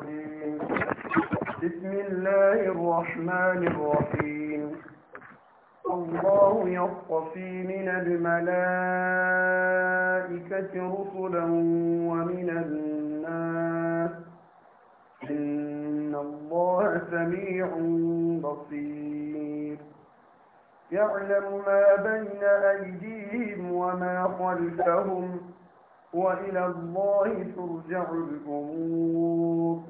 الرجيم بسم الله الرحمن الرحيم الله يصطفي من الملائكة رسلا ومن الناس إن الله سميع بصير يعلم ما بين أيديهم وما خلفهم وإلى الله ترجع الأمور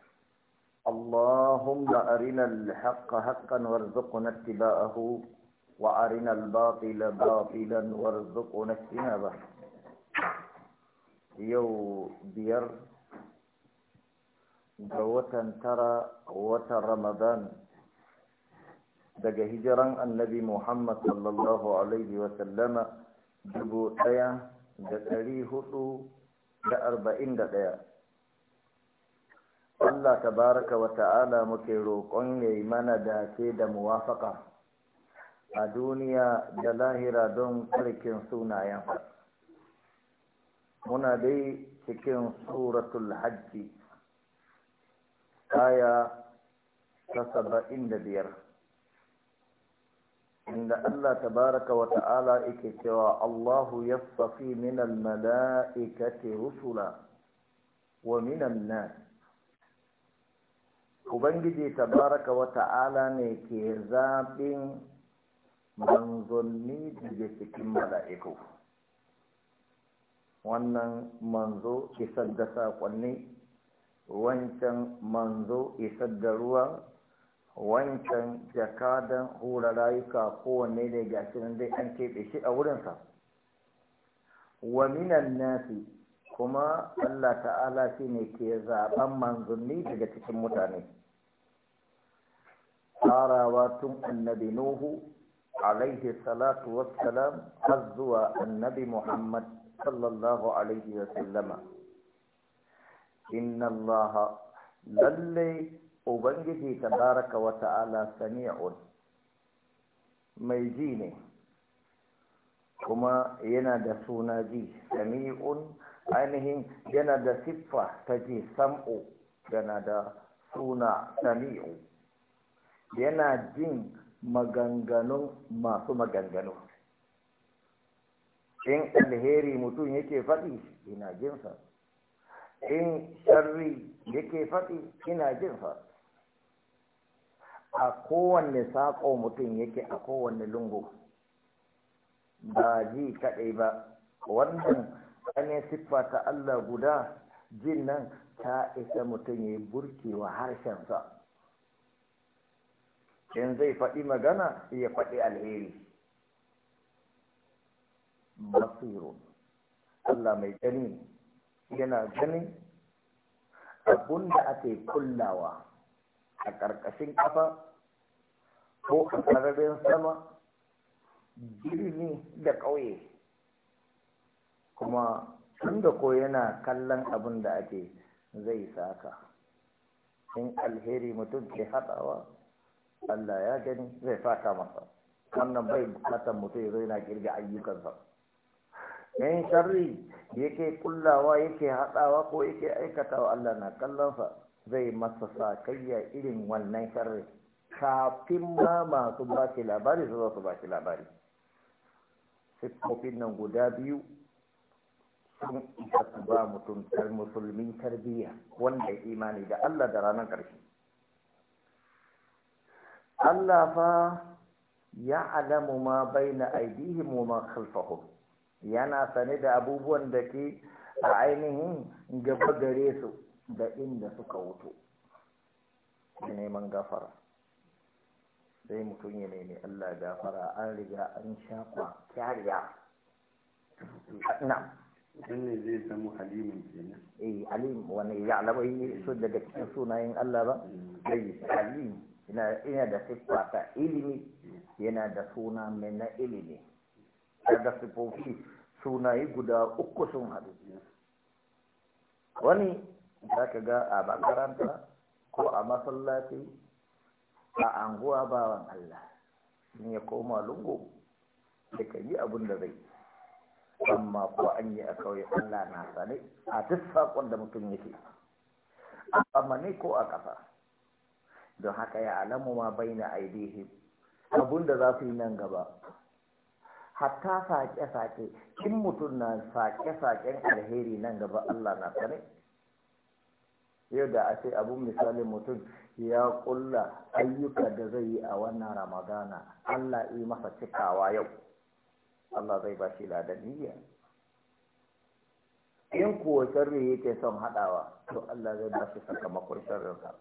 اللهم أرنا الحق حقا وارزقنا اتباعه وأرنا الباطل باطلا وارزقنا اجتنابه يو بير جوة ترى قوة رمضان دق هجرا النبي محمد صلى الله عليه وسلم جبو تيا دقري هطو دأربعين دقيا Allah tabaraka wa ta'ala muke roƙon yayi mana dace da muwafaka a duniya da lahira don tsarkin sunayen muna dai cikin suratul hajji aya ta saba'in da biyar inda Allah tabaraka wa ta'ala yake cewa Allahu yassafi minal mala'ikati rusula wa minan nas ubangiji tabaraka wa ta'ala ne ke zaɓin manzanni daga cikin mala'iku wannan manzo isar da saƙonni wancan manzo isar da ruwa wancan jakadan hura rayuka kowanne da gashi nan dai an keɓe shi a wurinsa wa minan nasi kuma Allah ta'ala shi ne ke zaɓen manzanni daga cikin mutane farawa tun annabi nuhu alaihi salatu wassalam har zuwa annabi muhammad sallallahu alaihi wasallama inna allaha lalle ubangiji tabaraka wa ta'ala sami'un mai ji ne kuma yana da suna ji sami'un ainihin yana da siffa ta ji sam'u yana da suna sami'u yana jin maganganu masu maganganu in alheri mutum yake faɗi ina jinsa in sharri yake faɗi ina jinsa a kowanne saƙo mutum yake a kowanne lungu ba ji kaɗai ba wannan ƙane siffa ta Allah guda jin nan ta isa mutum ya burkewa harshensa in zai faɗi magana ya faɗi alheri basiru Allah mai gani yana ganin abun da ake kullawa a ƙarƙashin ƙafa ko a ƙararren sama birni da ƙauye kuma tun da ko yana kallon abun da ake zai saka in alheri mutum ke haɗawa Allah ya gani zai saka masa wannan bai bukatar mutum zai na yana kirga ayyukansa yan sharri yake kullawa yake haɗawa ko yake aikatawa Allah na kallon sa. zai masa kayya irin wannan sharri kafin ma masu ba shi labari su zo su ba shi labari siffofin nan guda biyu sun isa su ba mutum musulmin tarbiyya wanda imani da Allah da ranar ƙarshe Allah fa ya alamu ma baina aidihim wa ma khalfahum yana sane da abubuwan da ke a ainihin gaba gare su da inda suka wuto da neman gafara sai mutum ya nemi Allah gafara an riga an shafa kyariya na ne zai samu halimin kenan eh alim wani ya alamu yi su daga cikin sunayen Allah ba sai mm. alim ina da siffa ta ilimi yana da suna mai na ilimi sifofi siffofi sunayi guda uku sun haɗu wani za ka ga a makaranta ko a masallaci a anguwa bawan Allah ne ya koma lungu da kan yi abin da zai amma ko an yi a kauye Allah na sane a duk saƙon da mutum yake a ne ko a ƙasa don haka ya alamu ma bai na aidihim abun da za su yi nan gaba hatta sake-sake Kin mutum na sake-saken alheri nan gaba Allah na sane yau da a ce abun misalin mutum ya kulla ayyuka da zai yi a wannan ramadana Allah yi masa cikawa yau Allah zai ba shi ladaniya in kuwa sharri yake son haɗawa to Allah zai ba shi sakamakon sharrinsa.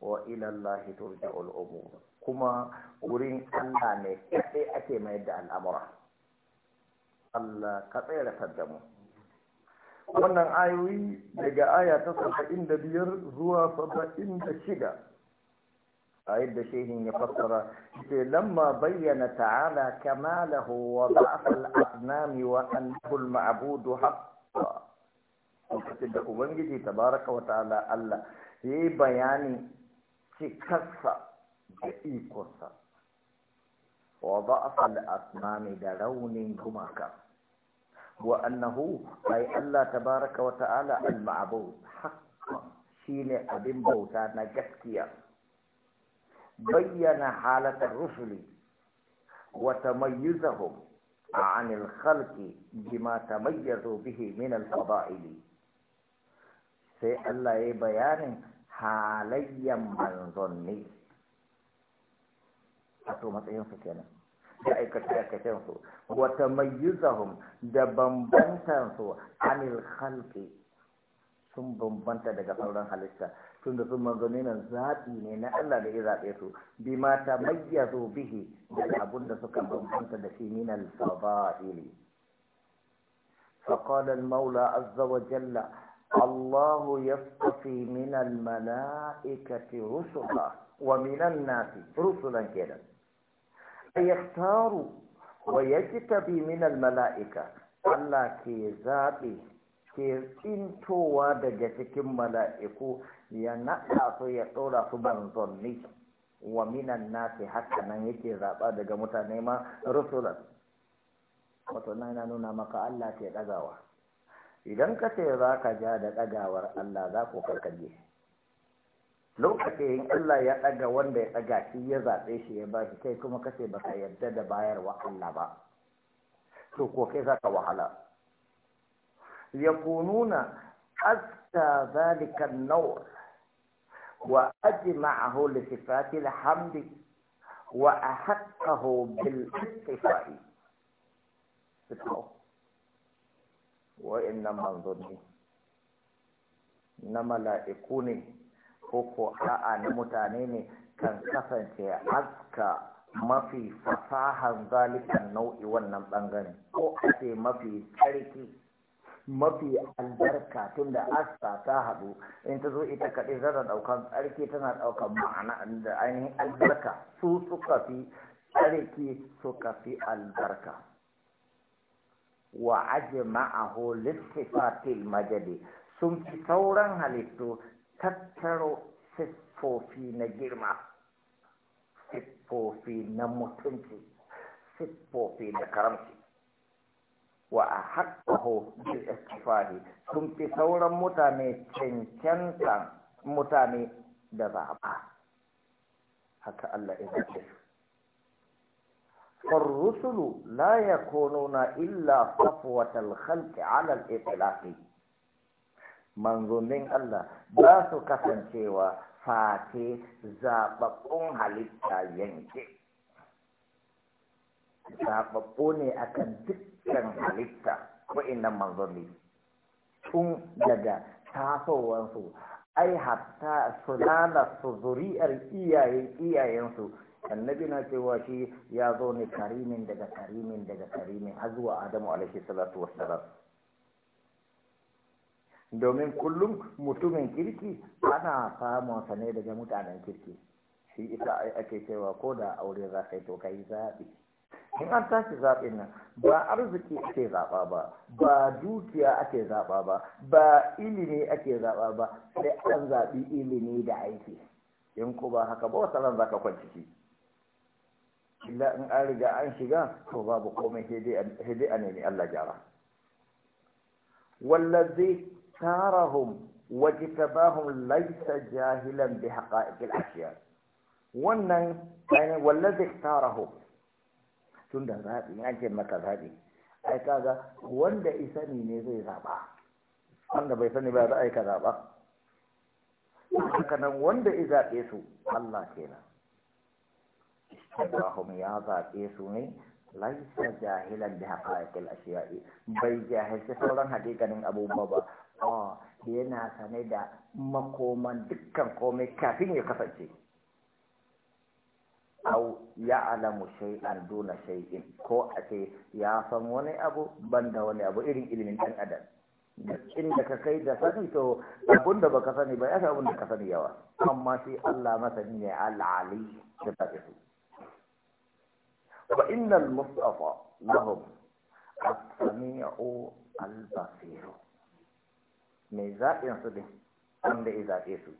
wa ilallahi turja'ul umur kuma wurin Allah ne kaɗai ake mai da al'amura Allah ka tsere da mu wannan ayoyi daga aya ta saba'in da biyar zuwa saba'in da shida a yadda shehin ya fassara ce lamma bayyana ta'ala kamalahu wa ba'afal asnami wa annahu al-ma'budu haqqa da ubangiji tabaraka wa ta'ala Allah yayi bayani. cikarsa da ikonsa wa ba'asa da asnami da raunin gumaka wa annahu ay Allah tabaraka wa ta'ala al-ma'bud haqqan shine abin bauta na gaskiya bayyana halatar rusuli wa tamayyuzahum عن الخلق بما تميزوا به من الفضائل sai Allah ya bayanin halayyan manzanni a to matsayinsu kenan da aikace-aikacensu wata mayyuzahum da bambantansu anil khalqi sun bambanta daga sauran halitta tun da sun manzanni nan zaɓi ne na Allah da ya zaɓe su bi mata mayyazo bihi da abun da suka bambanta da shi min al-fadaili فقال المولى عز وجل الله يصطفي من الملائكة رسلا ومن الناس رسلا كذا يختار ويجتبي من الملائكة الله كي ذاتي ke tsintowa daga cikin mala'iku ya naɗa su ya tsora su banzanni wa minan nasi haka nan yake zaɓa daga mutane ma rusulan wato na nuna maka Allah ke ɗagawa idan ka ce za ka ja da ɗagawar Allah za ku karkarye lokacin Allah ya ɗaga wanda ya ɗaga shi ya zaɓe shi ya ba shi kai kuma ka ce ba ka yarda da bayarwa Allah ba to ko kai za ka wahala ya kununa asta zalika nawr wa ajma'ahu li sifati alhamd wa ahaqqahu bil ittifaqi wa'annan manzanni na mala'iku ne ko ko a'a na mutane ne kan kasance aska mafi fasahan zalikan nau'i wannan bangare ko a mafi tsarki mafi albarka tun da aska ta haɗu in ta zo ita kaɗai zana ɗaukan tsarki tana ɗaukan ma'ana da ainihin albarka su suka fi tsarki suka fi albarka wa ajma'ahu littifatil majadi sun fi sauran halittu tattaro siffofi na girma siffofi na mutunci siffofi na karamci wa a ho bil istifari sun fi sauran mutane cancanta mutane da zaɓa haka Allah ya zaɓe فالرسل لا يكونون إلا صفوة الخلق على الإطلاق manzonin Allah ba su kasancewa face zaɓaɓɓun halitta yanke. Zaɓaɓɓu ne akan dukkan halitta wa'innan manzonni tun daga tasowansu ai hatta sulalar su zuri'ar iyayen iyayensu annabi na cewa shi ya zo ne karimin daga karimin daga karimin har zuwa adamu alaihi salatu wassalam domin kullum mutumin kirki ana sa ne daga mutanen kirki shi isa ake cewa ko da aure za ka yi to ka yi zaɓi in an tashi zaɓin nan ba arziki ake zaɓa ba ba dukiya ake zaɓa ba ba ilimi ake zaɓa ba sai an zaɓi ilimi da aiki in ko ba haka ba wasu zaka za ka kwanci illa in an riga an shiga to babu komai sai dai a nemi Allah gyara wallazi tarahum wajtabahum laysa jahilan bi haqa'iqil ashiya wannan ainihin wallazi tarahum da zaɓi an ce maka zaɓi ai kaga wanda isani ne zai zaɓa wanda bai sani ba za a yi ka zaɓa haka wanda ya zaɓe su Allah kenan Allahum ya zaɓe su ne laisa jahilan da haƙaƙil ashiya'i bai jahilci sauran haƙiƙanin abubuwa ba a yana sane da makoman dukkan komai kafin ya kasance au ya alamu shay'an duna shay'in ko a ce ya san wani abu banda wani abu irin ilimin ɗan adam inda ka kai da sani to abun da baka sani ba ya san abun da ka sani yawa amma shi Allah masani ne al-ali da ta فإن المصطفى لهم السميع البصير mai zaɓin su wanda ya zaɓe su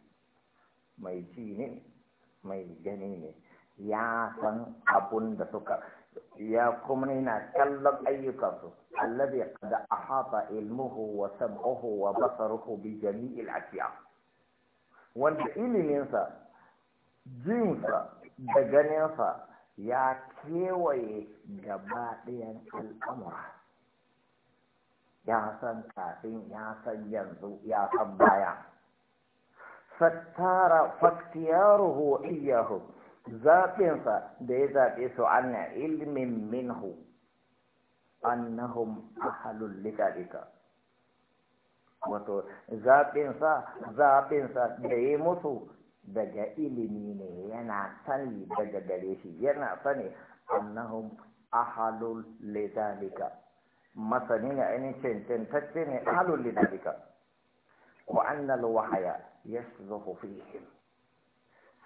mai ji ne mai gani ne ya san abun da suka ya kuma yana kallon ayyukansu da a ahata ilmuhu wa sam'uhu wa basaruhu bi jami'il ashiya wanda iliminsa jinsa da ganinsa ya kewaye gaba ɗayan al'amura ya san kafin ya san yanzu ya san baya fattara faktiyaruhu iyahu zaɓinsa da ya zaɓe su anna ilmin minhu annahum ahalul lidalika wato zaɓinsa zaɓinsa da ya musu daga ilimi ne yana sani daga gare shi yana sani annahum ahalul lidalika masani ne ainihin cancantacce ne ahalul lidalika ko annal wahaya yasluhu fihim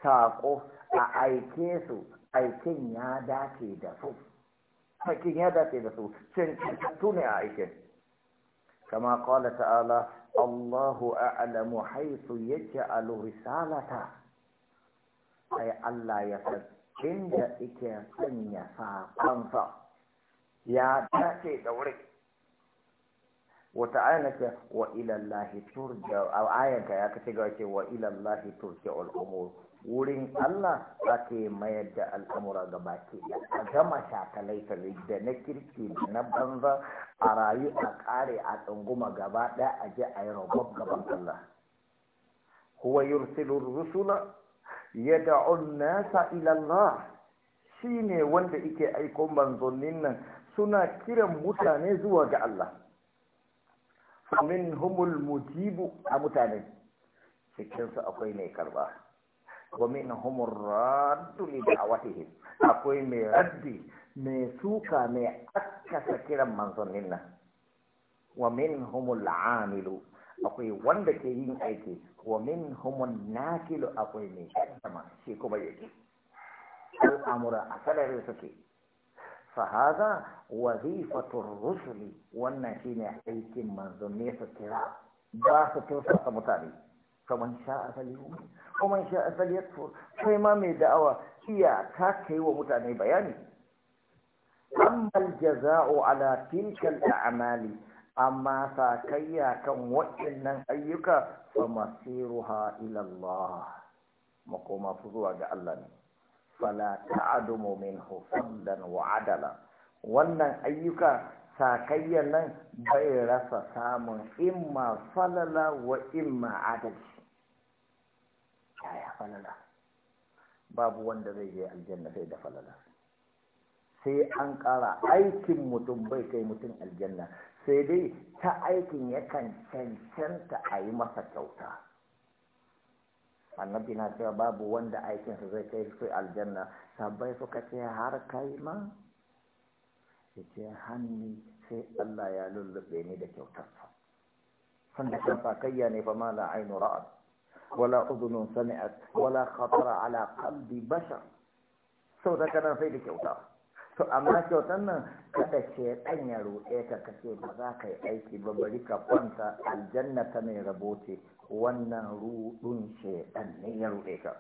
saƙo a aike su aikin ya dace da su aikin ya dace da su ne a aikin kama ƙwala ta'ala Allahu a'lamu haythu yaj'alu risalata ai Allah ya san inda yake sanya sakonsa ya dace da wuri wata aya ce wa ila Allah turja ayanka ya kace ga ce wa ila Allah turja al-umur wurin Allah za mayar da al'amura ga baki a gama shakalai da na kirki da na banza a rayu a kare, a tsunguma gaba ɗaya a je a yi rabab gaban Allah huwa yursilu rusula yad'u on nasa ilallah shi shine wanda ike aiko manzonin nan suna kiran mutane zuwa ga Allah humul mujibu a mutane cikinsu akwai mai karba wa minhum raddu li da'watihim akwai mai raddi mai suka mai akkasa kiran manzannin nan wa minhum al'amilu akwai wanda ke yin aiki wa minhum nakilu akwai mai kaddama shi kuma yake al'amura a salari suke fahaza wazifatul rusuli wannan shine aikin manzanni su kira ba su tursa mutane faman sha'a falyu'min faman sha'a falyakfur kai ma mai da'awa iya ta kai wa mutane bayani ammal jaza'u ala tilkal a'mali amma sakayya kan waɗannan ayyuka fa masiruha ila Allah makoma zuwa ga Allah ne fala ta'dumu minhu fadlan wa adala wannan ayyuka sakayyan nan bai rasa samun imma falala wa imma adalci yaya falala babu wanda zai je aljanna sai da falala sai an kara aikin mutum bai kai mutum aljanna sai dai ta aikin yakan cancanta a yi masa kyauta annabi na cewa babu wanda aikinsa zai kai su aljanna sabai suka ce har kai ma ya ce hannu sai Allah ya lullube ni da kyautarsa sanda kan sakayya ne fa ma la ainu wala udunun sami'at wala khatara ala qalbi bashar sau da kana sai da kyauta to amma kyautan nan kada ce dan ya roƙe ka kace ba za ka yi aiki ba bari ka kwanta aljanna ta mai rabo wannan rudun shedan ne ya roƙe ka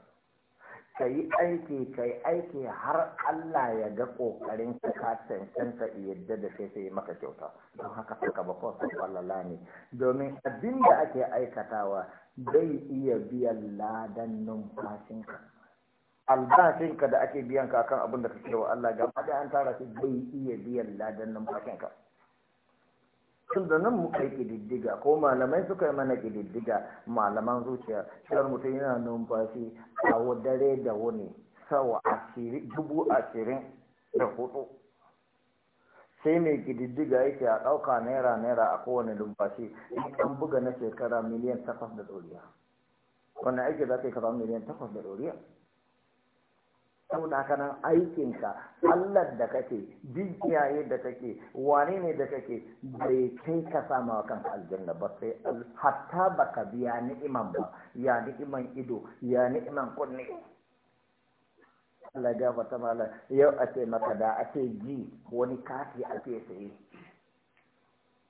ka yi aiki ka yi aiki har Allah ya ga ƙoƙarin ka ka cancanta yadda da sai sai maka kyauta don haka suka ba kawai sun ne domin abin da ake aikatawa Zai iya biyan ladan numfashinka albashinka da ake biyan ka kan abin da ka wa Allah ga da an tara shi zai iya biyan ladan numfashinka tun da nan muka yi ƙididdiga ko malamai suka yi mana ƙididdiga malaman zuciya shirar mutum yana numfashi a dare da wani sawa dubu ashirin da hudu sai mai gididdiga yake a ɗauka naira naira a kowane lumfashi an buga na shekara miliyan takwas da ɗoriya wannan aiki za ka yi kaza miliyan takwas da ɗoriya saboda haka nan aikinka allar da kake jijiyaye da kake wane ne da kake bai kai ka sama wa kanka aljanna ba sai hatta baka biya ni'iman ba ya ni'iman ido ya ni'iman kunne Allah gafarta mala yau a ce maka da a ce ji wani kati a ce saye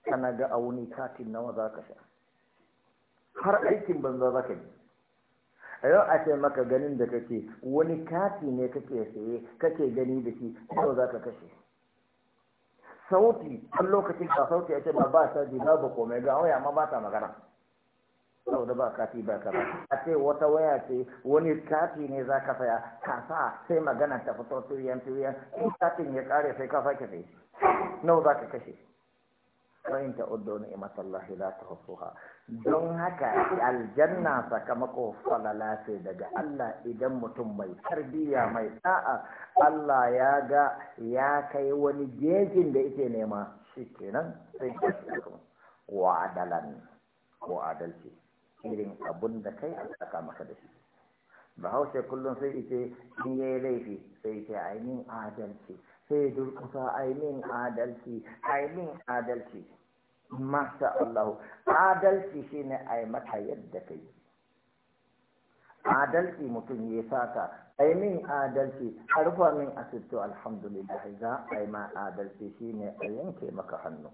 kana ga a wani kati nawa za ka sha har aikin banza za ka yi yau a ce maka ganin da kake wani kati ne kake saye kake gani da shi yau za ka kashe sauti an lokacin ka sauti a ce ba ba sa ji ba komai ga waya amma ba ta magana saboda ba kati ba ka ba a ce wata waya ce wani kati ne za ka saya ka sa sai magana ta fito turiyan turiyan in katin ya kare sai ka sake sai nawa za ka kashe fa'in ta uddo ni'matallahi la don haka aljanna sakamako falala ce daga Allah idan mutum mai tarbiyya mai sa'a Allah ya ga ya kai wani gejin da yake nema kenan sai Wa wa'adalan ko adalci irin abun da kai a saka maka da shi bahaushe kullum sai ita in yayi laifi sai ita ainihin adalci sai durkusa ainihin adalci ainihin adalci masha allahu adalci a ai mata yadda kai adalci mutum ya saka ai min adalci a rufa min asirto alhamdulillah za a yi ma adalci Shi ne a yanke maka hannu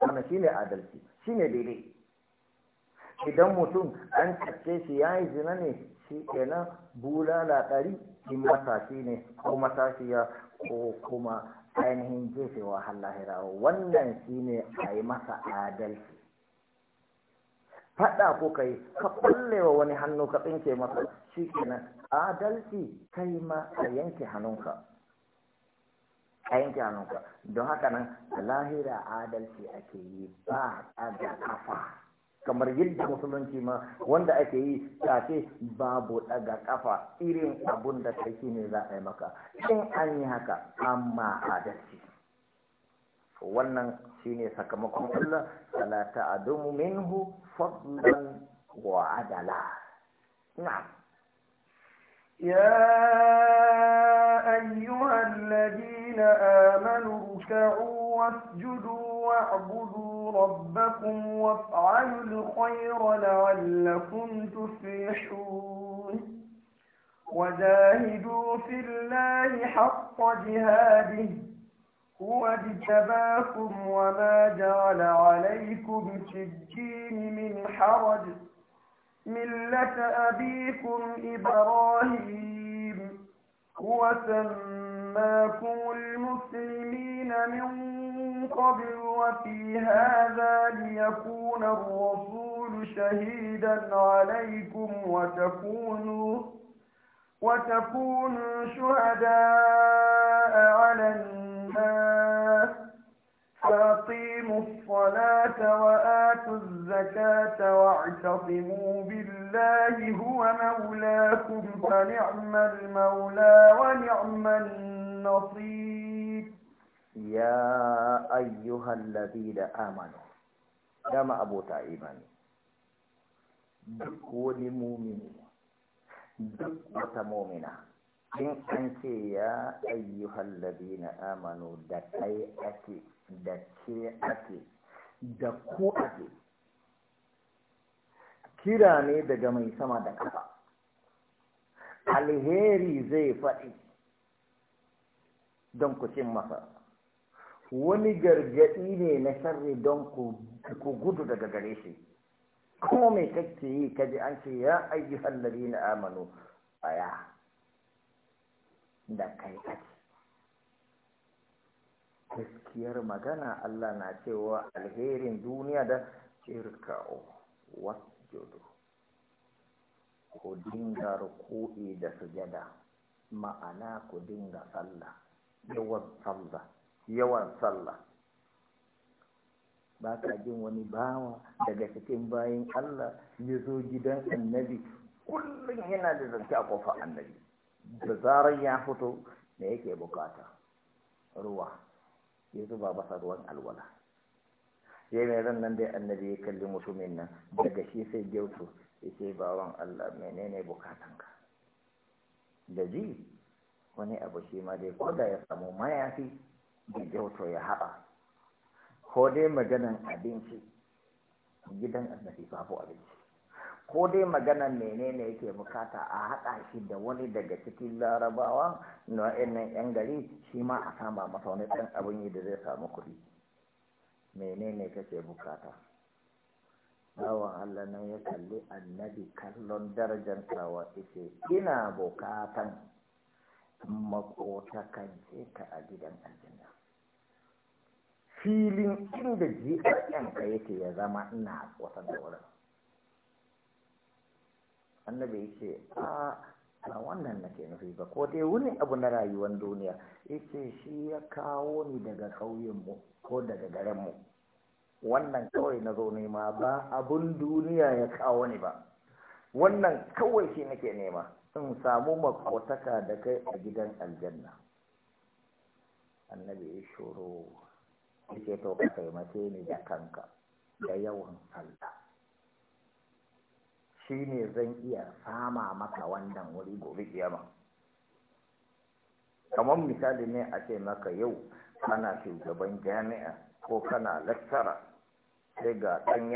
wannan ne adalci shi ne daidai idan mutum an tsakke shi ya yi zina ne shi kenan bulala ɗari in matashi ne ko matashiya ko kuma ainihin jefewa hallahira wannan shi ne a yi masa adalci faɗa ko yi, ka wa wani hannu ka tsinke masa shi kenan adalci kai ma a yanke hannunka a yanke hannunka don haka nan lahira adalci ake yi ba a da kafa kamar yadda musulunci ma wanda ake yi tafe babu daga kafa irin abun da sarki ne za a yi maka in an yi haka amma adalci wannan shine sakamakon Allah sala ta'adumu minhu fadlan wa adala na'am ya ayyuhal ladina amanu واسجدوا واعبدوا ربكم وافعلوا الخير لعلكم تفلحون وجاهدوا في الله حق جهاده هو اجتباكم وما جعل عليكم في الدين من حرج ملة أبيكم إبراهيم هو سمى سماكم المسلمين من قبل وفي هذا ليكون الرسول شهيدا عليكم وتكونوا وتكونوا شهداء على الناس فأقيموا الصلاة وآتوا الزكاة واعتصموا بالله هو مولاكم فنعم المولى ونعم النار نصيب يا أيها الذين آمنوا دام أبو تايمان duk wani mumini duk wata mumina in an ce ya ayyuhal ladina amanu da kai ake da ke ake da ku ake kira ne daga mai sama da kafa alheri zai faɗi don ku cin masa wani gargaɗi ne na sharri don ku gudu daga gare shi kuma mai kake yi kaji an ce ya ayyuhan ladina a aya da kai ake gaskiyar magana Allah na cewa alherin duniya da irka'u wasjudu ku dinga ruku'i da sujada ma'ana ku dinga sallah yawan salla. yawan sallah ba ka jin wani bawa daga cikin bayan Allah ya zo gidan annabi kullum yana da zance a kofar annabi da zarar ya fito da yake bukata ruwa ya zuba masa ruwan alwala sai mai ran nan dai annabi ya kalli mutumin nan daga shi sai gyautu ya ce bawan Allah menene bukatanka da ji wani abu shi ma dai ko da ya samu mayafi da jauto ya haɓa ko dai maganan abinci gidan annabi babu abinci ko dai maganan menene yake bukata a haɗa shi da wani daga cikin larabawa na nan yan gari shi ma a sama masa wani ɗan abin yi da zai samu kuɗi menene kake bukata bawan Allah nan ya kalli annabi kallon darajar kawa ina bukatan makota ka a gidan aljanna filin inda jiƙaƙen ka yake ya zama ina kusa da wurin annabi ya ce a wannan nake nufi ba ko dai wani abu na rayuwar duniya yake shi ya kawo ni daga ƙauyenmu ko daga garinmu wannan kawai na zo nema ba abun duniya ya kawo ni ba wannan kawai shi nake nema in samu makwataka da kai a gidan aljanna annabi ya shoro yake to ka taimake ni da kanka da yawan sallah shi ne zan iya sama maka wannan wuri gobe kiyama kamar misali ne a ce maka yau kana shugaban jami'a ko kana lattara sai ga ɗan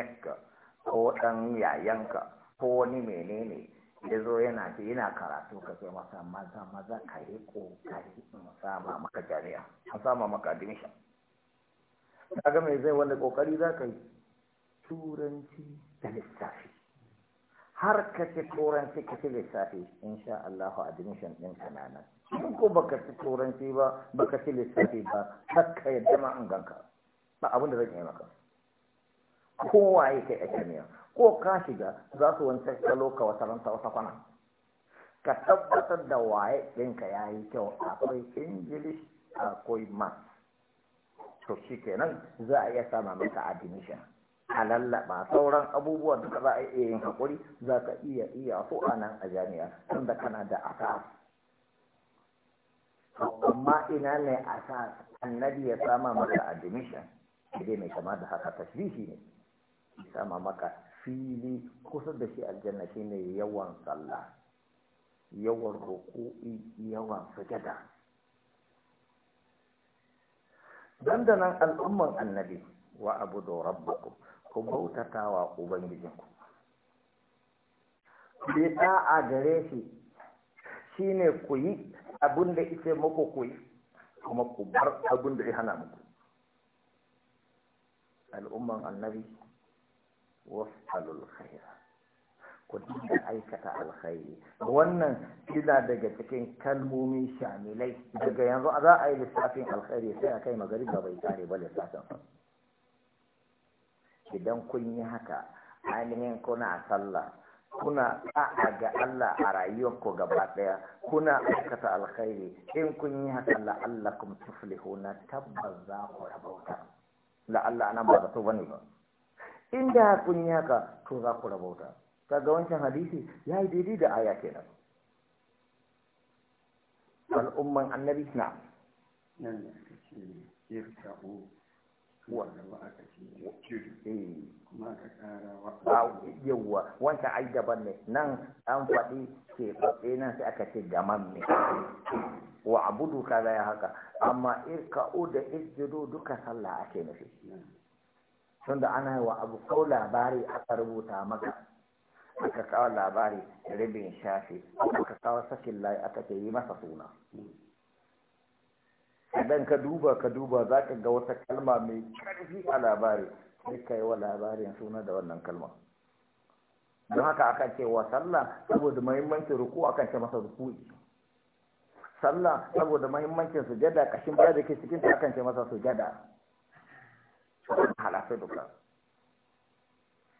ko ɗan yayanka ko wani menene ya zo yana ce yana karatu ka ce masa maza maza ka yi ƙoƙari in sama maka jami'a a sama maka Ta kaga mai zai wanda ƙoƙari za ka yi turanci da lissafi har ka ci turanci ka ci lissafi insha Allahu admission ɗin kananan in ko baka ci turanci ba baka ci lissafi ba har ka yadda ma an ganka ba abin da zan yi maka kowa ya kai a jami'a ko ka shiga za su wancan salo ka wata ranta wata kwana ka tabbatar da waye ɗinka ya yi kyau akwai english akwai math to shi kenan za a iya sama maka admission a lallaba sauran abubuwan duka za a iya yin hakuri za ka iya iya so a nan a jami'a tunda kana da asas amma ina ne asas annabi ya sama maka admission idai mai kama da haka tasbihi ne sama maka fili kusa da shi aljanna shine yawan sallah yawan roƙo'i yawan sujada dandanan al'umman annabi wa abu da rabbaku ku bautata wa ubangijinku ku yi a gare shi shine ku yi abin da ita muku ku yi kuma ku bar abin da ya hana muku al'umman annabi wasalul khaira ku dinga aikata alkhairi wannan kina daga cikin kalmomi shamilai daga yanzu za a yi lissafin alkhairi sai a kai magariba bai kare ba lissafin idan kun yi haka ainihin kuna sallah kuna da'a ga Allah a rayuwarku gaba ɗaya kuna aikata alkhairi in kun yi haka la'allakum na tabbas za ku rabauta la'alla ana ba zato bane ba inda kun yi haka to za ku rabauta kaga wancan hadisi ya yi daidai da aya kenan al'umman annabi na nan da aka ce irta'u wanda ba aka ce kuma aka kara yawwa wancan ai daban ne nan an faɗi ke faɗe nan sai aka ce gaman ne wa abudu kaza ya haka amma irka'u da isjudu duka sallah ake nufi tunda ana wa abu ko labari aka rubuta maka aka kawo labari rabin shafi aka kawo sakin layi aka ce yi masa suna idan ka duba ka duba za ka ga wata kalma mai ƙarfi a labari sai ka yi wa labarin suna da wannan kalma don haka aka ce wa sallah saboda mahimmancin ruku akan ce masa ruku sallah saboda mahimmancin sujada kashin ba da ke cikin akan ce masa sujada halatu duka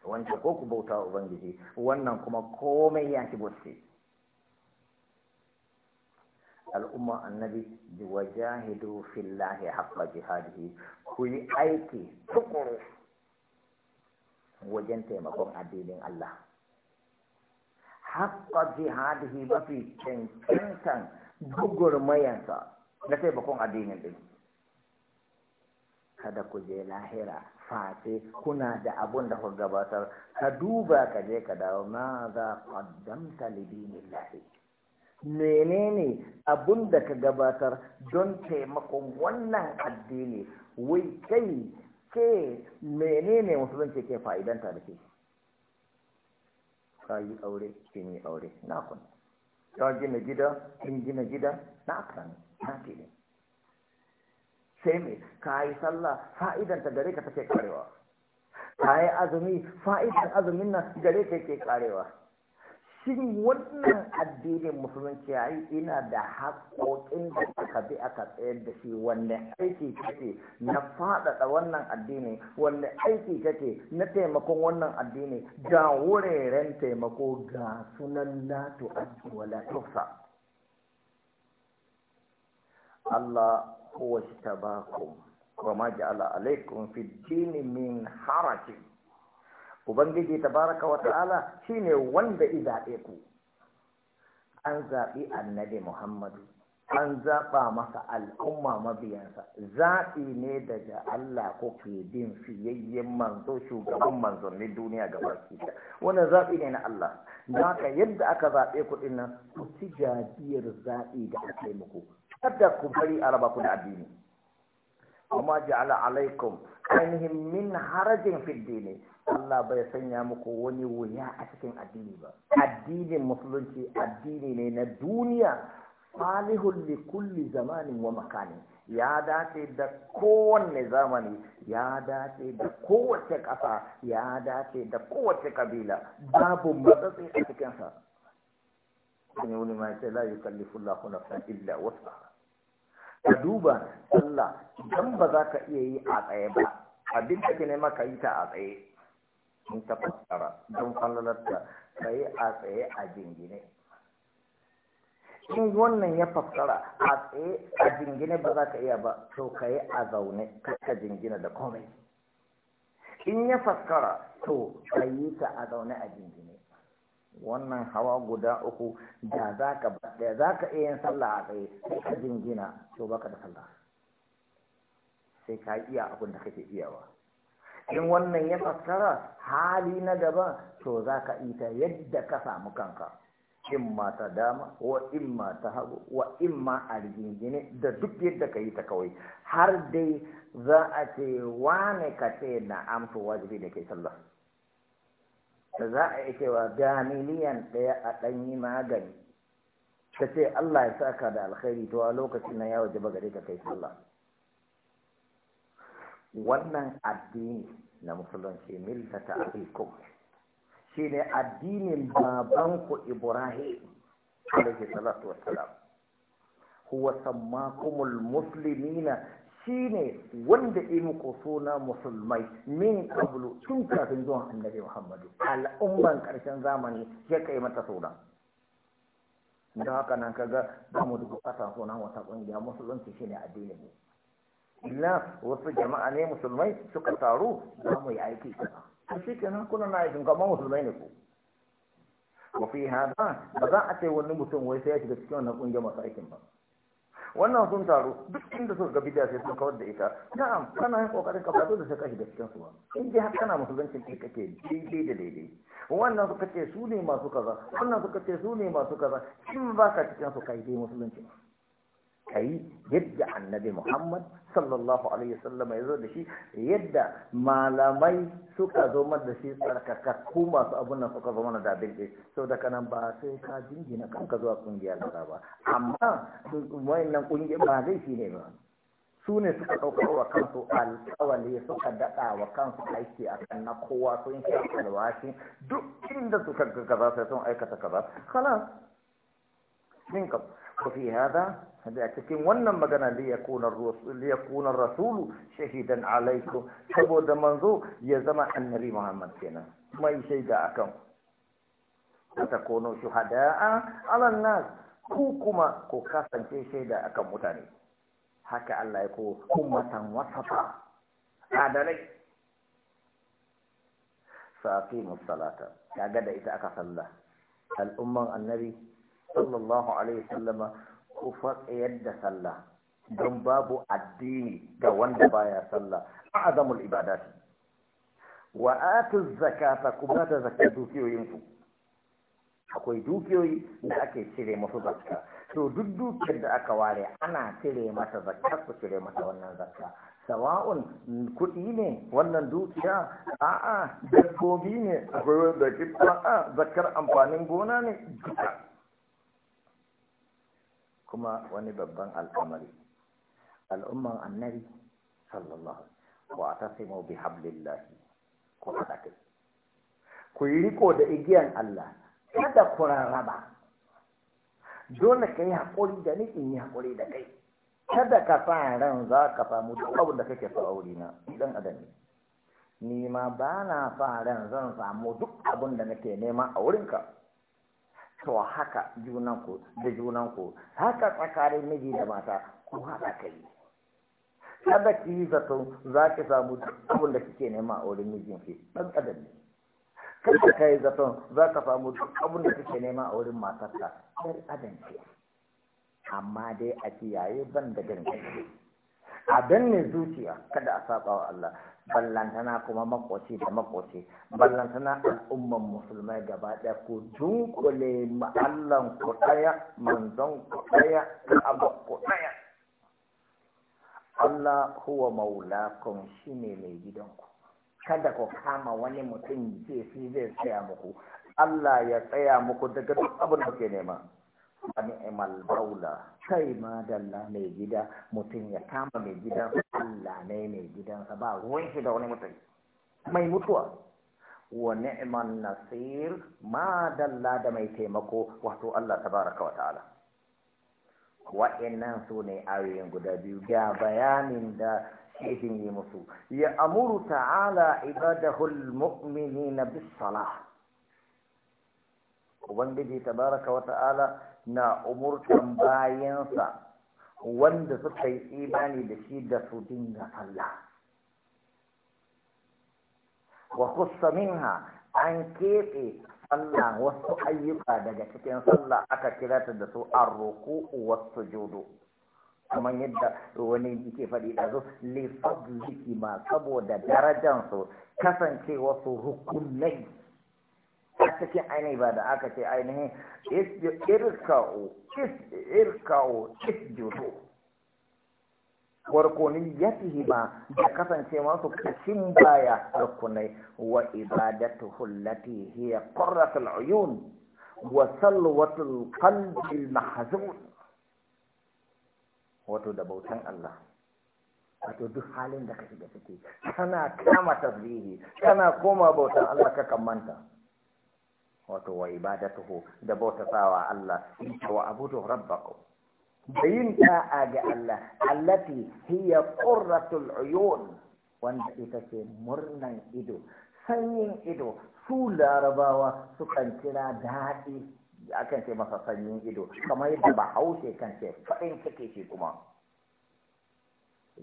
wancan ko ku bauta ubangiji wannan kuma komai ya ci bosse al'umma annabi wajahidu fillahi haqqa jihadihi ku yi aiki tukuru wajen taimakon addinin Allah haqqa jihadihi mafi cancantan gugurmayansa na taimakon addinin din kada ku je lahira face kuna da abun da kuka gabatar ka duba ka je ka dawo ma za qaddamta li dinillahi menene abun da ka gabatar don taimakon wannan addini wai kai ke menene musulunci ke fa'idanta da ke aure ke yi aure na kun ka gina gida kin gina gida na kan na sai mai ka yi sallah fa'idan ta gare ka take karewa ka yi azumi fa'idan azumin nan gare ka yake karewa shin wannan addinin musulunci ya yi ina da haƙoƙin da aka bi aka tsayar da shi wanda aiki kake na faɗaɗa wannan addini wanda aiki kake na taimakon wannan addini ga wuraren taimako ga sunan lato addu wala tufsa Allah واجتباكم وما ja'ala alaikum في الدين min haraji. ubangiji tabaraka wa ta'ala shine wanda i ku an zaɓi annabi muhammadu an zaɓa masa al'umma mabiyansa zaɓi ne daga Allah ko ke bin fiyayyen manzo shugaban ne duniya ga baki wannan zaɓi ne na Allah don haka yadda aka zaɓe kuɗin nan ku ci jajiyar zaɓi da aka yi muku kada ku bari a raba ku da addini amma ja'ala alaikum ainihin min harajin fiddini Allah bai sanya muku wani wuya a cikin addini ba addinin musulunci addini ne na duniya salihun li kulli zamanin wa makani ya dace da kowanne zamani ya dace da kowace ƙasa ya dace da kowace kabila babu matsatsi a cikinsa. Wani wani ma ce la yukallifu Allahu nafsan illa wasa. ka duba sallah don ba za ka iya yi a tsaye ba abin da ke nema ka yi ta a tsaye in ta fassara don fallalarta ka yi a tsaye a jingine in wannan ya fassara a tsaye a jingine ba za ka iya ba to ka yi a zaune ka jingina da komai in ya fassara to ka yi ta a zaune a jingine wannan hawa guda uku da za ka da za ka iya yin sallah a tsaye sai ka jingina to baka da sallah sai ka iya abin da kake iyawa in wannan ya fassara hali na daban, to za ka ita yadda ka samu kanka in ma ta dama wa in ma ta hagu wa in ma a jingine da duk yadda ka yi ta kawai har dai za a ce wane ka ce na amsa wajibi da ke sallah da za a yi cewa ga ɗaya a ɗan yi magani ta ce Allah ya saka da alkhairi to a lokacin nan ya waje ba gare ka kai sallah wannan addini na musulunci ta abikum shi ne addinin babanku ibrahim alaihi salatu salam? huwa sammakumul muslimina Shi ne wanda yi muku suna musulmai min kablu tun kafin zuwan annabi muhammadu al'umman karshen zamani ya kai mata suna da haka nan kaga ba mu duk kasa suna wata kungiya musulunci shine addini ne illa wasu jama'a ne musulmai suka taru za mu yi aiki ka. to shi kenan kuna na yin kuma musulmai ne ku wa fi hada ba za a ce wani mutum wai sai ya shiga cikin wannan ƙungiyar masu aikin ba wannan sun taru duk inda suka ga bid'a sai sun kawar da ita na'am kana yin kokarin ka ba dole sai kashi da cikin su ba in dai har kana musuluncin kai kake daidai da daidai wannan suka ce su ne masu kaza wannan suka ce su ne masu kaza in ba ka cikin su kai dai musulunci kai yadda annabi Muhammad sallallahu alaihi wasallam ya zo da shi yadda malamai suka zo da shi tsarkakakku masu abun nan suka zo mana da abin ɗin sau da kanan ba sai ka jingina kanka zuwa kungiyar da ba amma wayannan kungiya ba zai shi ne ba su ne suka ɗaukar wa kansu alƙawali suka daɗa wa kansu aiki a kan na kowa sun shi alwashi duk inda suka ga kaza sai sun aikata kaza khalas وفي هذا لكن wannan magana li yakuna rasul li yakuna rasul shahidan alaikum saboda manzo ya zama annabi Muhammad kenan mai shaida akan ku takunu shuhadaa ala nas ku kuma ku kasance shaida akan mutane haka Allah ya ko ummatan wasafa adalai fa aqimus salata kaga da ita aka sallah al'umman annabi sallallahu alaihi sallama. ku fatsayar da sallah don babu addini ga wanda baya sallah a'zamul ibadat wa atu zakata ku ba ta zakka dukiyoyinku akwai dukiyoyi da ake cire masu zakka to duk dukiyar da aka ware ana cire mata zakka ku cire mata wannan zakka sawa'un kuɗi ne wannan dukiya a'a dabbobi ne akwai wanda ke a'a zakkar amfanin gona ne duka kuma wani babban al'amari al'umman annabi sallallahu wa atasimu bi hablillahi ko hada kai ku yi riko da igiyan Allah kada ku rarraba dole ka yi haƙuri da ni in yi haƙuri da kai kada ka sa ran za ka samu duk abin da kake so aure na idan adam ne ni ma ba na sa ran zan samu duk abin da nake nema a wurinka to haka junanku da junanku haka tsakanin miji da mata ku haɗa kai kada ki yi zato za ki samu abin da kike nema a wurin mijinki ɗan adam ne kada ka yi zato za ka samu abin da kike nema a wurin matarka ɗan adam ce amma dai a kiyaye ban da gangan a danne zuciya kada a saba wa Allah ballantana kuma makoci da makoci ballantana al'umman musulmai gaba ɗaya ku dunkule ma'allan ku ɗaya manzon ku ɗaya abu ku ɗaya Allah huwa shi ne mai gidanku kada ku kama wani mutum si zai tsaya muku Allah ya tsaya muku daga duk abin da ke nema ni'mal maula kai ma dalla mai gida mutum ya kama mai gida Allah ne mai gidansa ba ruwan shi da wani mutum mai mutuwa wa ni'mal nasir ma dalla da mai taimako wato Allah tabaraka wa ta'ala wa'annan su ne ayoyin guda biyu ga bayanin da shehin yi musu ya amuru ta'ala ibadahul mu'minina bis salah ubangiji tabaraka wa ta'ala na umurtan bayansa wanda suka yi imani da shi da su dinga sallah wa khussa minha an keɓe sallah wasu ayyuka daga cikin sallah aka kira ta da su an roƙo wasu jodo kamar yadda wani yake faɗi da zo lefadliki ma saboda darajansu kasance wasu rukunai a cikin ainihin ba da aka ce ainihin irka'u irka'u isjudu warkoniyatihi ma da kasance masu kashin baya rukunai wa ibadatuhu allati hiya qurratul uyun wa salwatul qalbi al mahzun wato da bautan Allah wato duk halin da ka shiga ciki kana kama tasbihi kana koma bautan Allah ka kammanta wato wa ibadatuhu da bautatawa Allah wa abudu rabbakum da yin ta'a ga Allah allati hiya qurratul uyun wanda ita ce murnan ido sanyin ido su larabawa sukan kira daɗi akan ce masa sanyin ido kamar yadda ba haushe kan ce faɗin cike shi kuma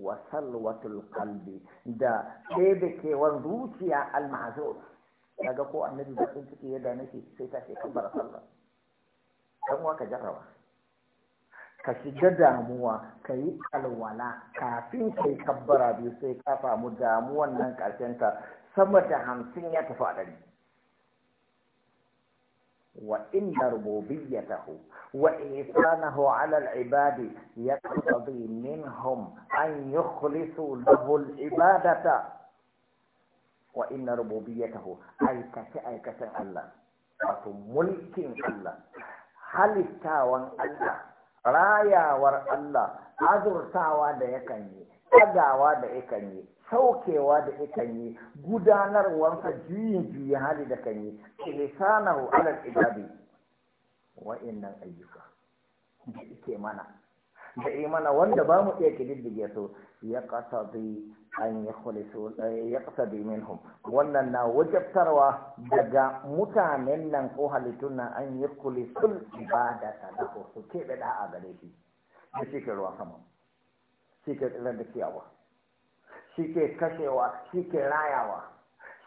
wasalwatul salwatul da ɗebe kewar zuciya al ga ko annabi bakin ciki ya gane shi sai ta ce kabbara sallah dan uwa ka jarraba ka shiga damuwa ka yi alwala kafin kai kabbara biyu sai ka samu damuwan nan karshen ta sama da hamsin ya tafi a ɗari ibadi, ala al-ibadi yaqtadi minhum an yukhlisu lahu al-ibadata wa inna rububiyyatahu aikace aikacen Allah wato mulkin Allah halittawan Allah rayawar Allah azurtawa da yakan yi tagawa da yakan yi saukewa da yakan yi gudanarwarsa juyin juyin hali da kan yi ihsanahu alal ibadi wa'annan ayyuka da mana da imana wanda ba mu iya kididdige su ya bi an ya yakhlisu eh, ya qasadi minhum wannan na wajabtarwa daga mutanen nan ko halittun nan an yakhlisu ba da su ke da a gare shi da shi ke ruwa sama shi ke tsirar da ciyawa shi ke kashewa shi ke rayawa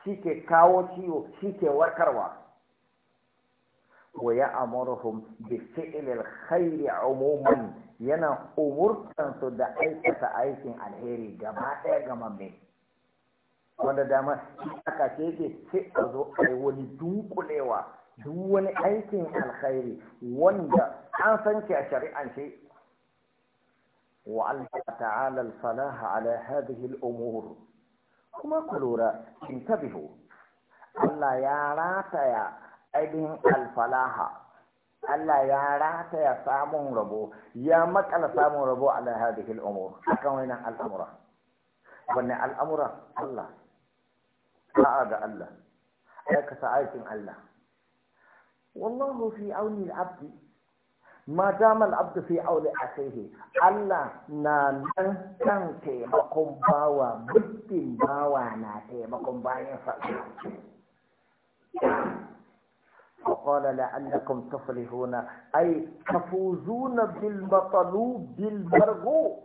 shi ke kawo ciwo shi ke warkarwa ويأمرهم بفعل الخير عموما yana umurtansu da aikata aikin alheri gaba ɗaya ga mai wanda dama aka ke sai a zo a yi wani dunkulewa duk wani aikin alkhairi wanda an san shi a shari'an shi وعلق تعالى الفلاح kuma ku lura in كلورا انتبهوا Allah ya rataya أبن alfalaha. Allah ya rataya samun rabo ya makala samun rabo ala hadhihi al-umur akan wannan al'amura wannan al'amura Allah ta'a ga Allah aikata aikin Allah wallahu fi auni al-abdi ma dama al-abdu fi auni akhihi Allah na nan kan taimakon bawa muddin bawa na taimakon bayan sa وقال لعلكم تفلحون اي تفوزون بالمطلوب بالمرغوب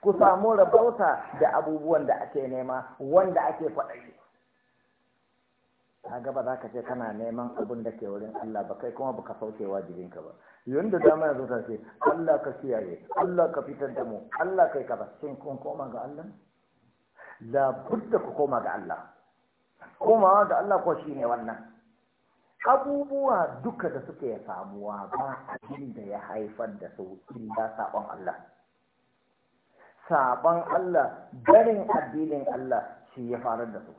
ku samu rabauta da abubuwan da ake nema wanda ake shi. kaga ba za ka ce kana neman abin da ke wurin Allah ba kai kuma baka sauke wajibinka ba yanda dama yanzu ta ce Allah ka kiyaye Allah ka fitar da mu Allah kai ka shin kun koma ga Allah la budda ku koma ga Allah komawa ga Allah ko shine wannan abubuwa duka da suka suke samuwa ba abin da ya haifar da su illa sabon Allah sabon Allah barin addinin Allah shi ya farar da su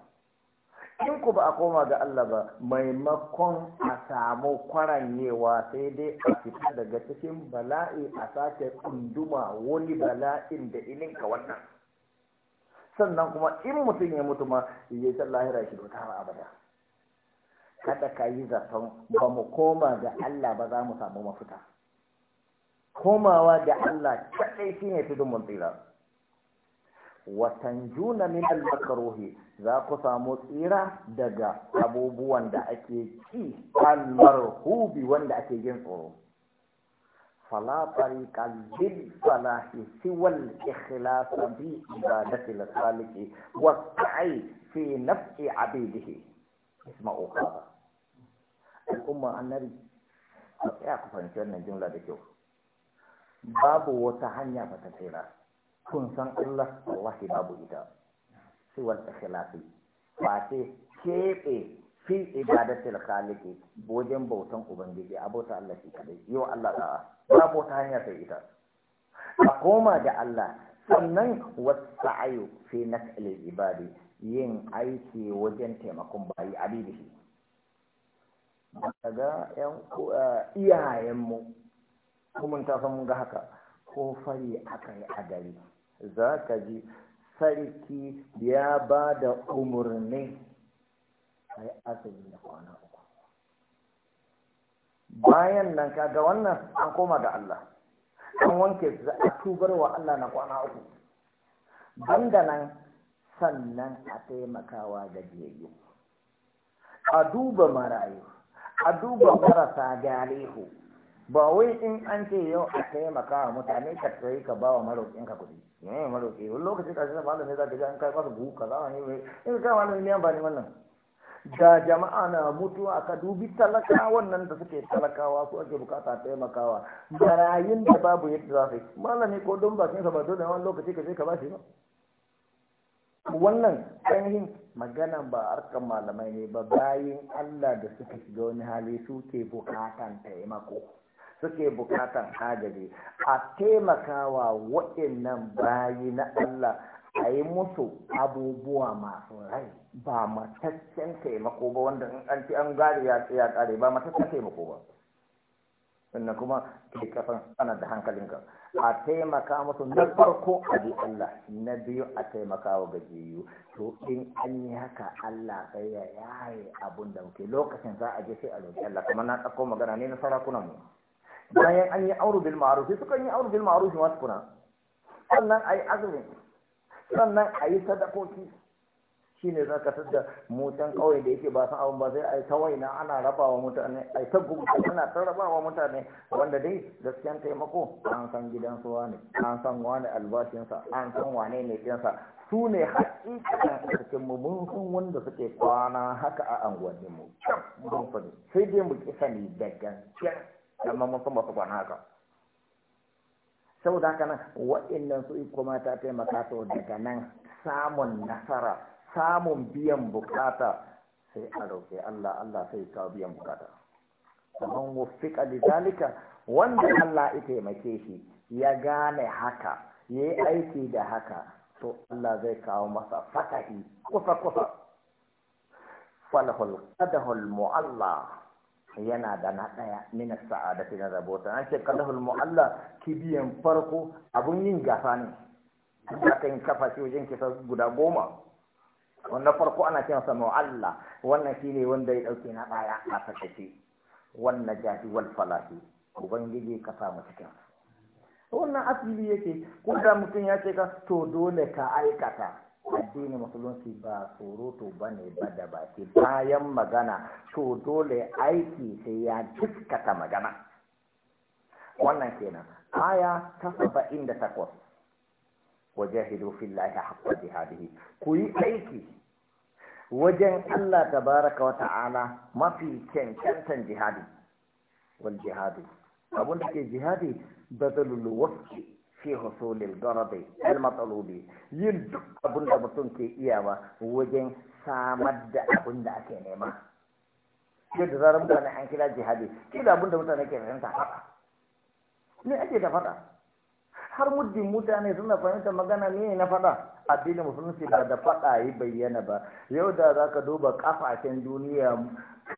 in ku ba a koma ga Allah ba maimakon a samu kwaranyewa sai dai a fita daga cikin bala'i a sake kunduma wani bala'in da ka wannan sannan kuma in mutum ya mutu ma ya yi lahira shi da wata abada kada ka yi zaton ba mu koma ga Allah ba za mu samu mafita komawa ga Allah kaɗai shi ne tudun mun tsira watan juna min al za ku samu tsira daga abubuwan da ake ci al-marhubi wanda ake jin tsoro fala tariqa lil falahi siwal ikhlas bi ibadati al-khaliq wa sa'i fi nafsi abidihi isma'u qala al'umma annabi a tsaya ku fahimci wannan jumla da kyau babu wata hanya ba ta tsira kun san Allah wallahi babu ita sai wal ikhlasi ba ce keɓe fi ibadatil khaliqi wajen bautan ubangiji abota Allah shi kadai yau Allah da babu wata hanya sai ita a koma da Allah sannan wasa'ayu fi nas'il ibadi yin aiki wajen taimakon bayi shi. daga yan mu kuma ta san mun ga haka ko fari aka yi a gari za ka ji sarki ya ba da umarni a yi asali da kwana uku bayan nan kaga wannan an koma ga Allah an wanke su za a tubar wa Allah na kwana uku banda nan sannan a taimakawa ga gajiyayyu a duba marayu a duba marasa galihu ba wai in an ce yau a taimaka wa mutane ka tsaye ka ba wa maroƙin ka kuɗi ne maroƙi wani lokaci ka shirin malami za ka ga an kai masa buhu ka zawa ne in ka malami ne ba ne wannan da jama'a na mutuwa ka dubi talakawa nan da suke talakawa ko ake bukata taimakawa rayun da babu yadda za su yi malami ko don ba sun ba dole wani lokaci ka je ka ba shi ba wannan ainihin magana ba harkar malamai ne ba bayan Allah da suka shiga wani hali suke bukatan taimako suke bukatan agaji a taimakawa waɗannan bayi na Allah a yi musu abubuwa masu rai ba mataccen taimako ba wanda an ci an gari ya ya kare ba mataccen taimako ba sannan kuma ke kasan ana da hankalinka a taimaka musu na farko a bi Allah na biyu a taimaka wa gajiyu to in an yi haka Allah sai ya yaye abun da muke lokacin za a je sai a roƙi Allah kamar na tsakko magana ne na sarakunan mu bayan an yi auru bil ma'ruf sai suka yi auru bil ma'ruf ma tukuna sannan ayi azumi sannan ayi sadakoki shi ne za ka da mutan ƙauye da yake ba san abin ba sai a yi kawai na ana rabawa mutane a yi ta gugu ana ta rabawa mutane wanda dai gaskiyan taimako an san gidan su wane an san wane sa an san wane ne sa su ne hakikatan cikin mu mun san wanda suke kwana haka a anguwanni mu mun sani sai dai mu kisa sani da gaskiya amma mun san ba su kwana haka saboda haka nan waɗannan su kuma ta taimaka to daga nan samun nasara samun biyan bukata sai a roƙi Allah Allah sai kawo biyan bukata kaman wuffiqa lidalika wanda Allah ya taimake shi ya gane haka ya yi aiki da haka to Allah zai kawo masa fatahi kusa kusa falahul qadahul mu'alla yana da na ɗaya mina sa'adati na rabota an ce kadahul mu'alla kibiyan farko abun yin gasa ne aka kafa shi wajen kisa guda goma wannan farko ana ce masa mu'alla wannan shine wanda ya dauke na baya a sakace wannan jahi wal falahi ubangiji ka mu cikin wannan asili yake ko da mutum ya ce ka to dole ka aikata addini musulunci ba surutu ba ne ba da baki bayan magana to dole aiki sai ya jiskata magana wannan kenan aya ta saba'in da takwas wajahidu fillahi haqqa jihadihi jihadi, kuyi aiki wajen Allah tabaraka wa ala mafi cancantan jihadi wal jihadi abun da ke jihadi bazalul wasfi fi husulil garabi al matsalubi yin duk abun da mutum ke iyawa wajen samar da abun da ake nema yadda zarar mutane an jihadi kila abun da mutane ke fahimta haka ne ake da faɗa. har muddin mutane suna fahimta magana ne na fada addinin musulunci ba da fada yi bayyana ba yau da za ka duba kafashen duniya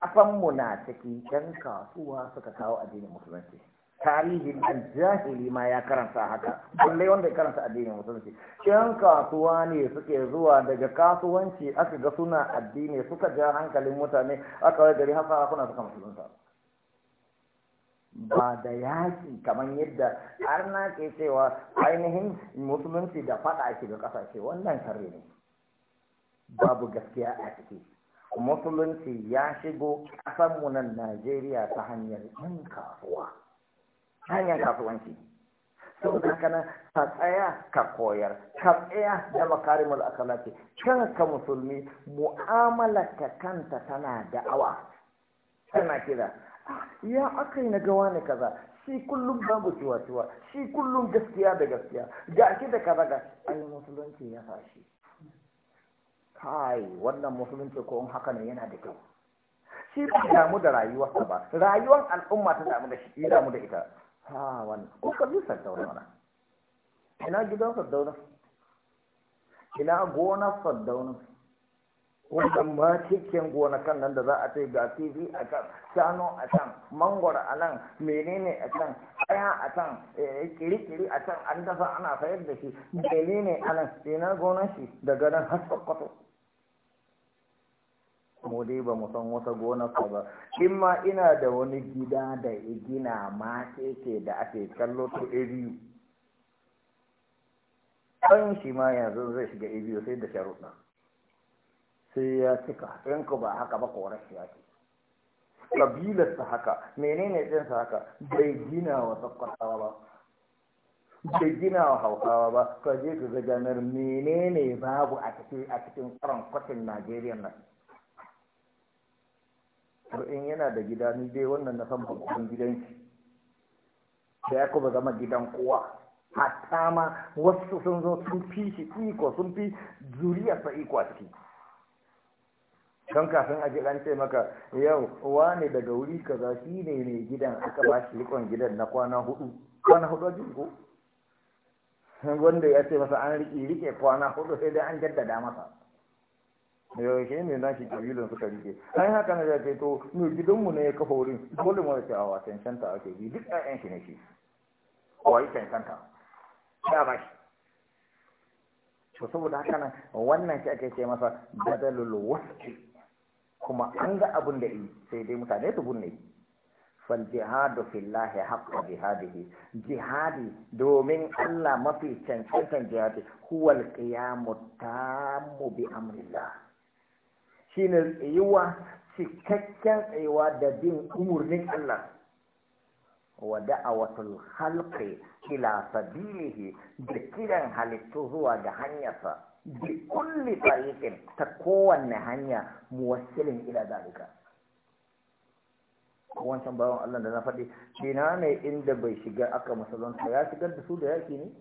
kafanmu na ciki yan kasuwa suka kawo addinin musulunci tarihin kan jahili ma ya karanta haka kullai wanda ya karanta addinin musulunci yan kasuwa ne suke zuwa daga kasuwanci aka ga suna addini suka ja hankalin mutane aka wai gari haka kuna suka musulunta ba da yaƙi kamar yadda har na ke cewa ainihin musulunci da faɗa ake da ƙasashe wannan kare ne babu gaskiya a ciki musulunci ya shigo ƙasarmu nan najeriya ta hanyar yan kasuwa hanyar kasuwanci sau da kana ka tsaya ka koyar ka tsaya da mul'akalaki kan ka musulmi ta kanta tana da'awa tana kira ya aka yi na gawa ne kaza shi kullum babu ciwa-ciwa shi kullum gaskiya da gaskiya ga shi da kaza ga ai musulunci ya fashi kai wannan musulunci ko in haka ne yana da kyau shi ba damu da rayuwarsa ba rayuwar al'umma ta damu da shi ya damu da ita ha wannan ko ka bi saddauna mana ina gidan saddauna ina sa saddauna wanda ma cikin gonakan nan da za a ce ga tv a can shano a can mangwara a nan menene a can aya a can eh, kiri-kiri a can an dafa ana sayar da shi menene a nan ina gonan shi daga nan har kwato mu dai ba mu san wata gona ko ba in ma ina da wani gida da gina ma keke da ake kallo to abu ɗan shi ma yanzu zai shiga abu sai da sharuɗa sai ya cika yanka ba haka ba korar ya ce ƙabilarsa haka menene ɗinsa haka bai gina wa sakkwatawa ba bai gina wa hausawa ba ka je ka ga ganar menene babu a cikin a cikin karan kwatin najeriya nan in yana da gida ni dai wannan na san babban gidan shi da ya kuma zama gidan kowa hatta ma wasu sun zo sun fi shi iko sun fi zuriyarsa iko a ciki don kafin a an ce maka yau ne daga wuri kaza shi ne mai gidan aka ba shi rikon gidan na kwana hudu kwana hudu ajin ko wanda ya ce masa an riƙe riƙe kwana hudu sai dai an jaddada masa yau shi ne na shi kabilun suka riƙe an haka na zafi to mai gidanmu ne ya kafa wurin dole mu ce a cancanta ake bi duk ɗayan shi ne shi yi cancanta ya ba shi to saboda haka nan wannan shi ake ce masa dadalul wasu kuma an ga abin da yi sai dai mutane su bunne fal jihadu fillahi haqqa jihadihi jihadi domin Allah mafi cancantan jihadi huwal qiyamu tammu bi amrillah shine tsayuwa cikakken tsayuwa da bin umurnin Allah wa da'awatul khalqi ila sabilihi da kiran halittu zuwa ga hanyarsa bi kulli tariqin ta kowanne hanya muwassilin ila zalika ko wancan bawan Allah da na faɗi ina ne inda bai shiga aka musulunta ya shigar da su da yaki ne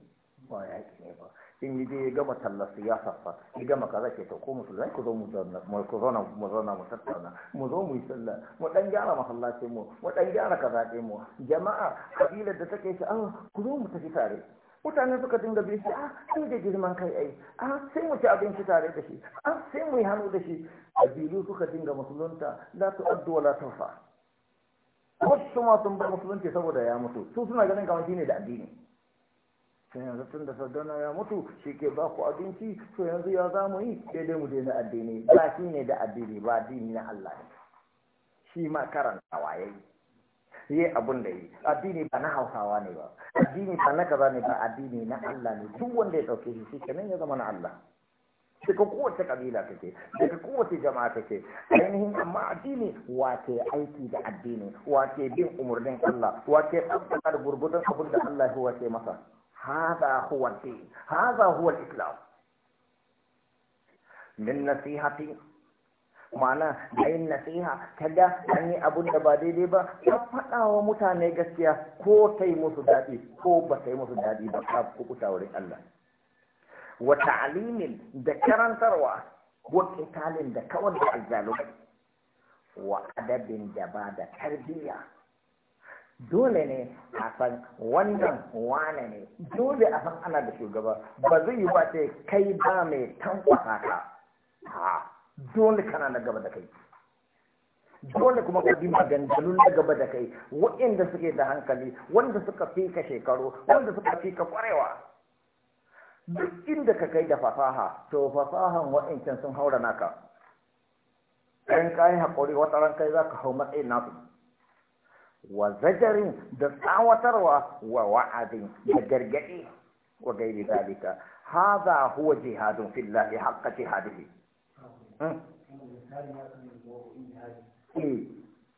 ba yaki ne ba in yi ya gama tallafi siyasa fa ya gama kaza ke ta ko musulmai ku zo mu zauna mu zauna mu tattauna mu zo mu yi sallah mu dan gyara masallacin mu mu dan gyara kaza mu jama'a kabilar da take shi an ah, ku zo mu tafi tare mutane suka dinga bin a ah, sai da girman kai ai a ah, sai mu ci abinci tare da shi a ah, sai mu yi hannu da shi kabilu suka dinga musulunta la su addu wala tafa wasu ma sun bar musulunci saboda ya mutu su suna ganin kamar shine da addini sai yanzu tun da saddana ya mutu shi ke ba ku abinci to yanzu ya za mu yi daidai mu daina addini ba shi ne da addini ba addini na Allah ne shi ma karantawa ya su yi abun da yi addini ba na hausawa ne ba addini ba na kaza ne ba addini na Allah ne duk wanda ya dauke shi kenan ya zama na Allah daga kowace kabila kake daga kowace jama'a kake ainihin amma addini wace aiki da addini wace bin umarnin Allah wace tabbata da gurgudun abin da Allah ya wace masa هذا هو الدين هذا هو islam min nasihati Mana a nasiha kada an yi abun da ba daidai ba ta faɗa wa mutane gaskiya ko ta yi musu daɗi ko ba ta yi musu daɗi ba ka kukuta wurin Allah wa ta'alimin da karantarwa wa kitalin da kawar da azzalumai wa adabin da ba da tarbiyya dole ne a san wannan wane ne dole a san ana da shugaba ba zai yi ba sai kai ba mai tankwasa ka dole kana na gaba da kai dole kuma ka bi maganganun na gaba da kai waɗanda suke da hankali wanda suka fi ka shekaru wanda suka fi ka kwarewa duk inda ka kai da fasaha to fasahan waɗancan sun haura naka ɗan kayan haƙuri wata ran kai za ka hau matsayin nasu wa zajarin da tsawatarwa wa wa'adin da gargaɗi wa gairi zalika haza huwa jihadun fillahi haqqa jihadihi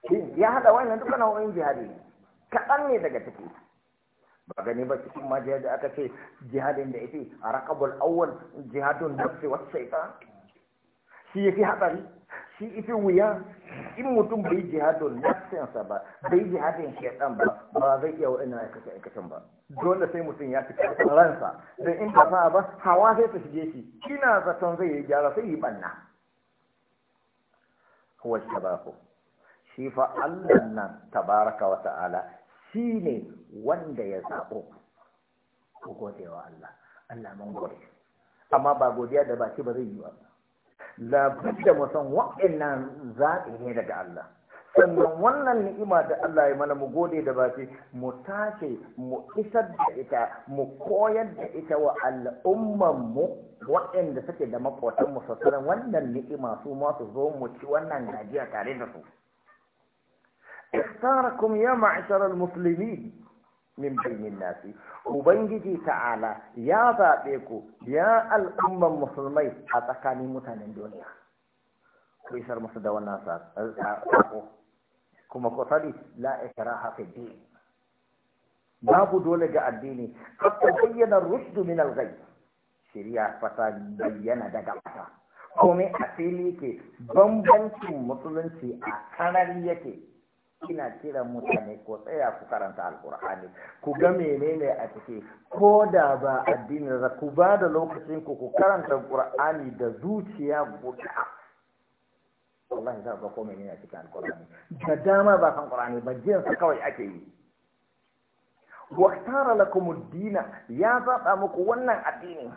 Eh, ya haɗa wannan duka nau'in jihadi kaɗan ne daga ciki ba gani ba cikin ma jihadi aka ce jihadin da ita a raƙabul awwal jihadun su wasu shaitan shi yafi haɗari shi ifi wuya in mutum bai jihadin nafsinsa ba bai jihadin shaitan ba ba zai iya wa'annan aikace aikacen ba dole sai mutum ya fi ransa don in ba sa ba hawa sai ta shige shi kina zaton zai yi gyara sai yi ɓanna huwa tabahu shi fa Allah nan tabaraka wa ta'ala shi ne wanda ya zabo ku gode wa Allah Allah mun gode amma ba godiya da baki ba zai yi ba labudda mu san wa'annan zaɓi ne daga Allah sannan wannan ni'ima da Allah ya mana mu gode da baki mu tace mu isar da ita mu koyar da ita wa al'umman mu waɗanda suke da makwatan mu sassaran wannan ni'ima su ma su zo mu ci wannan gajiya tare da su ikhtarakum ya ma'asharal muslimin min bainin nasi ubangiji ta'ala ya zaɓe ku ya al'umman musulmai a tsakanin mutanen duniya ku isar musu da wannan sako kuma ku sani la ikraha fi babu dole ga addini qad tabayyana ar min al shirya fasa bayyana daga mata komai a fili ke bambancin musulunci a kanar yake ina kira mutane ko tsaya ku karanta alkur'ani ku ga menene a ciki ko da ba addini da ku ba da lokacin ku ku karanta alkur'ani da zuciya guda wallahi za ga kome ne a cikin alkur'ani da dama ba kan qur'ani ba jin sa kawai ake yi wa tara lakum ad ya zaba muku wannan addini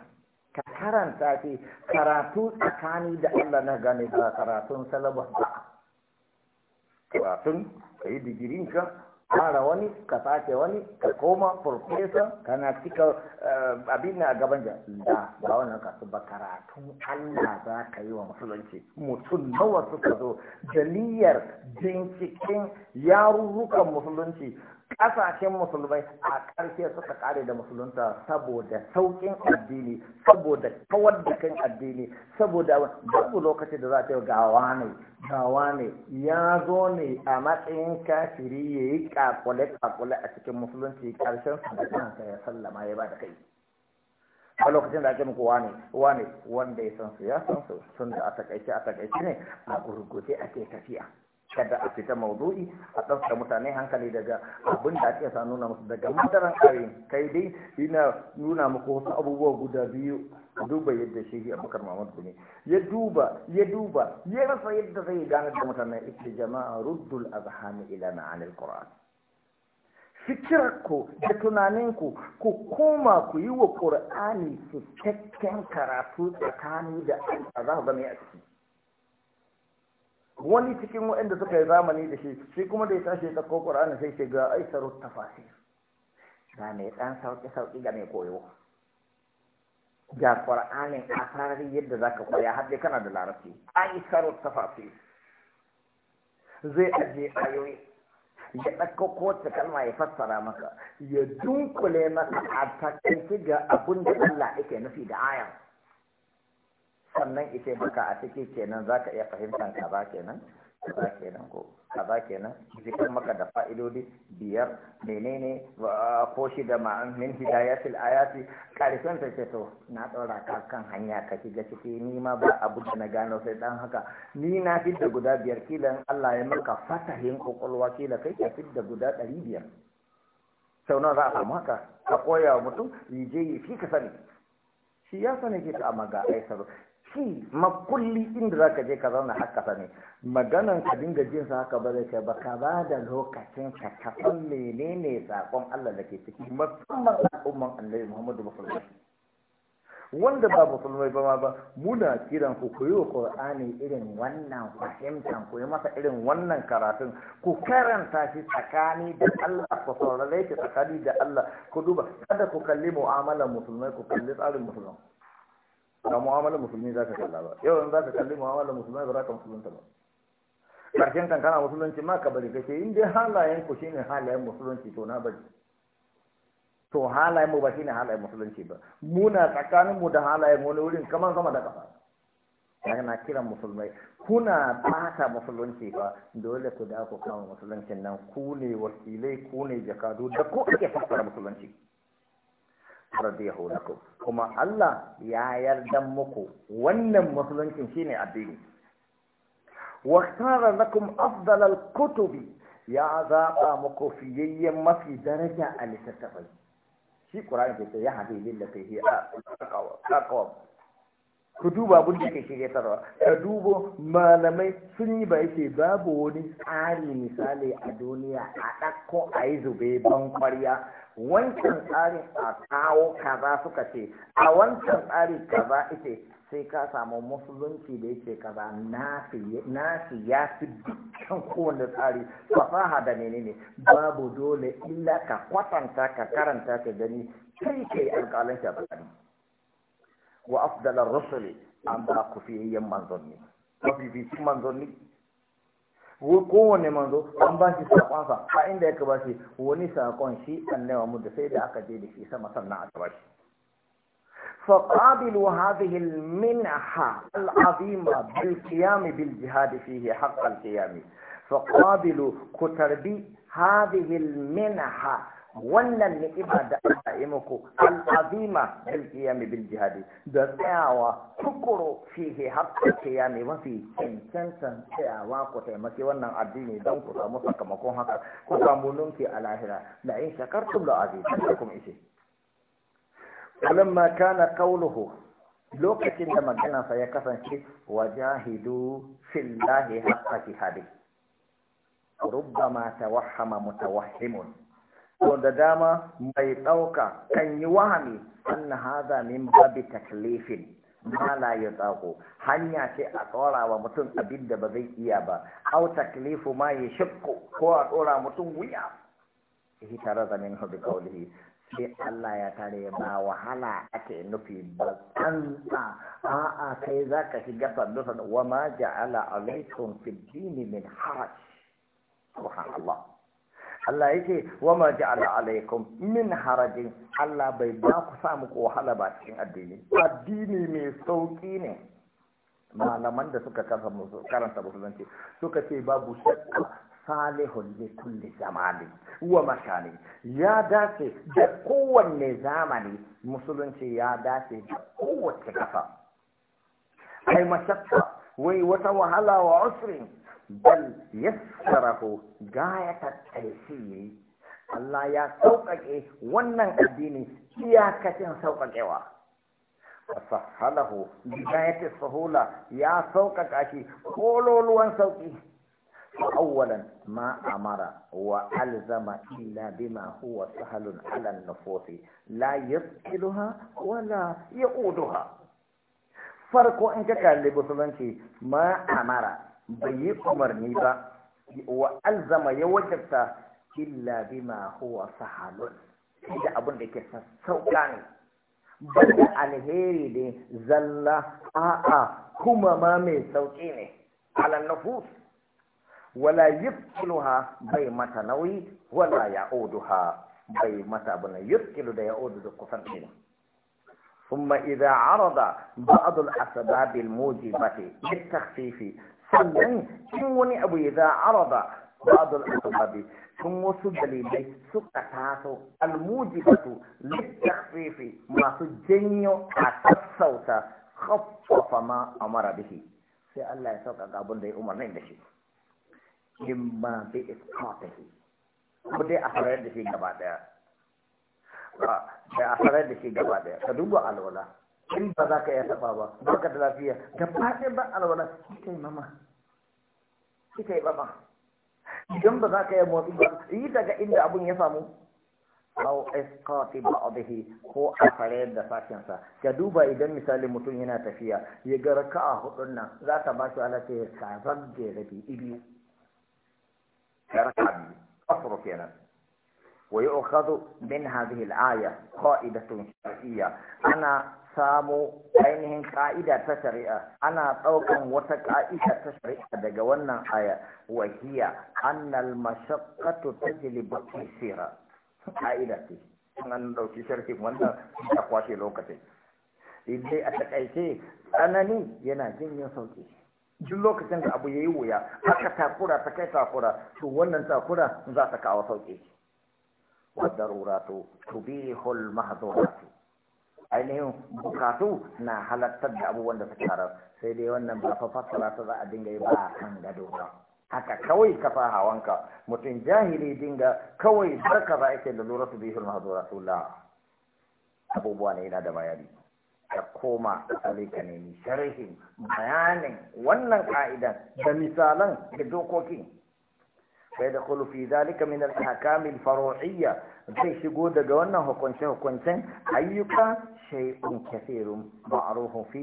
ka karanta ce karatu tsakani da Allah na gane ba karatun salaba ba karatun ka yi digirin ka fara wani ka sace wani ka koma farfesa na cika eh, abin na gaban da da ba wannan kasu ba karatun Allah za ka yi wa musulunci mutum nawa suka zo daliyar binciken yarurrukan musulunci ƙasashen musulmai a ƙarshe suka ƙare da musulunta saboda sauƙin addini saboda kawar da kan addini saboda babu lokaci da za ta yi gawa ne gawa ne ya zo ne a matsayin kafiri ya yi ƙaƙule ƙaƙule a cikin musulunci ƙarshen su da ya sallama ya ba da kai a lokacin da ake muku wane wanda ya san su ya san su sun da a takaice a takaice ne a gurguje ake tafiya kada a fita maudu'i a tsafta mutane hankali daga abin da ake sa nuna musu daga madaran kare kai dai ina nuna muku wasu abubuwa guda biyu duba yadda shehi abubakar mamadu ne ya duba ya duba ya rasa yadda zai gane da mutane ita jama'a ruddul azhami ila ma'anil qur'an fikirarku da tunaninku ku koma ku yi wa ƙur'ani cikakken karatu tsakani da za ku a ciki wani cikin waɗanda suka yi zamani da shi shi kuma da ya tashi ya ɗauko ƙur'ani sai ce ga aisarut tafasir ga mai ɗan sauƙi sauƙi ga mai koyo ga ƙur'anin asari yadda za ka koya har dai kana da larabci aisarut tafasir zai ajiye ayoyi ya ɗauko kowace kalma ya fassara maka ya dunkule maka a takaice ga abin da Allah yake nufi da ayan sannan ita maka a cikin kenan za ka iya fahimtar kaza kenan kaza kenan ko kaza kenan zikin maka da fa'idodi biyar menene ko shi da ma'an min hidayatil ayati karshen ta ce to na ɗora ka kan hanya ka shiga ciki ni ma ba abu da na gano sai dan haka ni na fidda guda biyar kila Allah ya maka fatahin kokolwa kila kai ka fidda guda ɗari biyar sau za a samu haka ka koya wa mutum yi je yi fi ka sani shi ya sani ke ta amma ga aisar shi makulli inda za ka je ka zauna haka sani. ne maganan ka dinga jin sa haka ba zai kai ba ka ba da lokacin ka ka san menene sakon Allah da ke ciki musamman al'umman annabi Muhammadu Musulmai wanda ba musulmai ba ma ba muna kiran ku ku wa Qur'ani irin wannan fahimtan ku yi masa irin wannan karatun ku karanta shi tsakani da Allah ku saurare shi tsakani da Allah ku duba kada ku kalli mu'amalar musulmai ku kalli tsarin musulmai ba mu'amalar musulmi za ka kalla ba yau za ka kalli mu'amalar musulmi ba za ka musulunta ba ƙarshen kan kana musulunci ma ka bari kace in dai halayen ku shine halayen musulunci to na bari to halayen mu ba shine halayen musulunci ba muna tsakanin mu da halayen wani wurin kamar sama da kafa yana kiran musulmai kuna bata musulunci ba dole ku da ku kama musuluncin nan ku ne wakilai ku ne jakadu da ku ake fasara musulunci radiyahu lakum kuma Allah ya yarda muku wannan musuluncin shine addini wa tara lakum afdal al-kutubi ya zaba muku fiyayyen mafi daraja a littattafai shi Qur'ani ke ce ya hadi lillati hi aqwa ku duba abin da ke shirya ka dubo malamai sun yi ba yake babu wani tsari misali a duniya a ɗakko a yi zube ban kwarya wancan tsarin a kawo kaza suka ce a wancan tsari kaza ita sai ka samu musulunci da yake kaza nasi ya fi dukkan kowane tsari fasaha da menene babu dole illa ka kwatanta ka karanta ka gani kai kai alkalin a وأفضل الرسل عن بقى فيهم من ظني وفي فيه من ظني وكون من ظن أن بقى سبحانه فإن ذلك بقى ونسى أكون شيء أن هو مدسي لأكا في سما سنة أتواش فقابلوا هذه المنحة العظيمة بالقيام بالجهاد فيه حق القيام فقابلوا كتربي هذه المنحة wannan ni'ima da Allah ya muku al'azima bil qiyam bil jihad da tsayawa tukuru fihi hatta qiyam wa fi cancantan tsayawa ku taimaki wannan addini don ku samu sakamakon haka ku samu nunki a lahira la in shakartum la azidannakum ishe ولما kana qawluhu lokacin da maganarsa ya kasance wajahidu fillahi haqqa jihadi rubbama tawahhama mutawahhimun ko da dama mai ɗauka kan yi wahami anna haza min babi taklifin Mala ya tsako hanya ce a tsora wa mutum abin da ba zai iya ba au taklifu ma ya shakko ko a tsora mutum wuya shi tare da min hudu kaulihi sai Allah ya tare ba wahala ake nufi ba tsantsa a'a kai zaka shiga sandusa wa ma ja'ala alaikum fid dini min haraj subhanallah Allah yake wa ma ja'ala alaikum min harajin Allah bai ba ku sa muku wahala ba cikin addini addini mai sauki ne malaman da suka kafa karanta musulunci suka ce babu shakka salihun li kulli zamani wa makani ya dace da kowanne zamani musulunci ya dace da kowace kafa ai mashakka wai wata wahala wa usrin bal yassarahu gayata ne. Allah ya sauƙaƙe wannan addini iyakacin sauƙaƙewa fasahalahu bidayati sahula ya sauƙaƙa shi kololuwan sauƙi awwalan ma amara wa alzama ila bima huwa sahlun ala an-nufusi la yasqiluha wa la yaquduha farko in ka kalli musulunci ma amara bai yi umarni ba wa alzama ya wajabta illa bima huwa sahalun da abin da ke sassauka ne banda alheri ne zalla a'a kuma ma mai sauki ne ala nufus wala yubtiluha bai mata nauyi wala ya'uduha bai mata abin yubtilu da ya'udu da kusan ɗin ثم إذا عرض بعض الأسباب الموجبة للتخفيف sannan cikin wani abu ya za ba raba ba'adul asbabi sun wasu dalilai suka taso almujibatu litta'rifi masu janyo a sassauta khaffafa ma mara biki. sai Allah ya sauka gabon abin da ya umarna da shi in ma bi isqatihi ko dai a sarar da shi gaba daya a sarar da shi gaba daya ka duba alwala in ba za ka iya taɓa ba ba ka da lafiya gaba ɗaya ba alwala kika yi mama kika yi mama idan ba za ka iya motsi ba yi daga inda abun ya samu aw isqati ba'dihi ko a fare da sashen sa ka duba idan misali mutum yana tafiya ya ga raka'a hudun nan za ta ba shi alaka ya kazan da rabi ibi raka'a biyu asru kenan ويؤخذ من هذه الآية قائدة شرعية أنا samo ainihin ka'ida ta shari'a ana ɗaukan wata ka'ida ta shari'a daga wannan aya wahiya annal mashaqqatu tajlibu tisira ka'ida ce an ɗauki sharhi wannan ta kwashe lokacin idai a takaice tsanani yana jin yin sauki duk lokacin da abu ya yi wuya aka takura ta kai takura to wannan takura za ta kawo sauki wadaruratu tubihul mahduratu ainihin bukatu na halartar da abubuwan da suka haram sai dai wannan ba fa fassara ta za a dinga yi ba a kan gado ba haka kawai ka fa hawanka mutum jahili dinga kawai barka ba yake da lura su bihul mahzura abubuwa ne yana da bayani ka koma alika ne sharhin bayanin wannan ka'idan da misalan da dokokin sai da kulufi zalika min al-ahkam zai shigo daga wannan hukunce-hukuncen ayyuka shay'un kafirun ma'arufun fi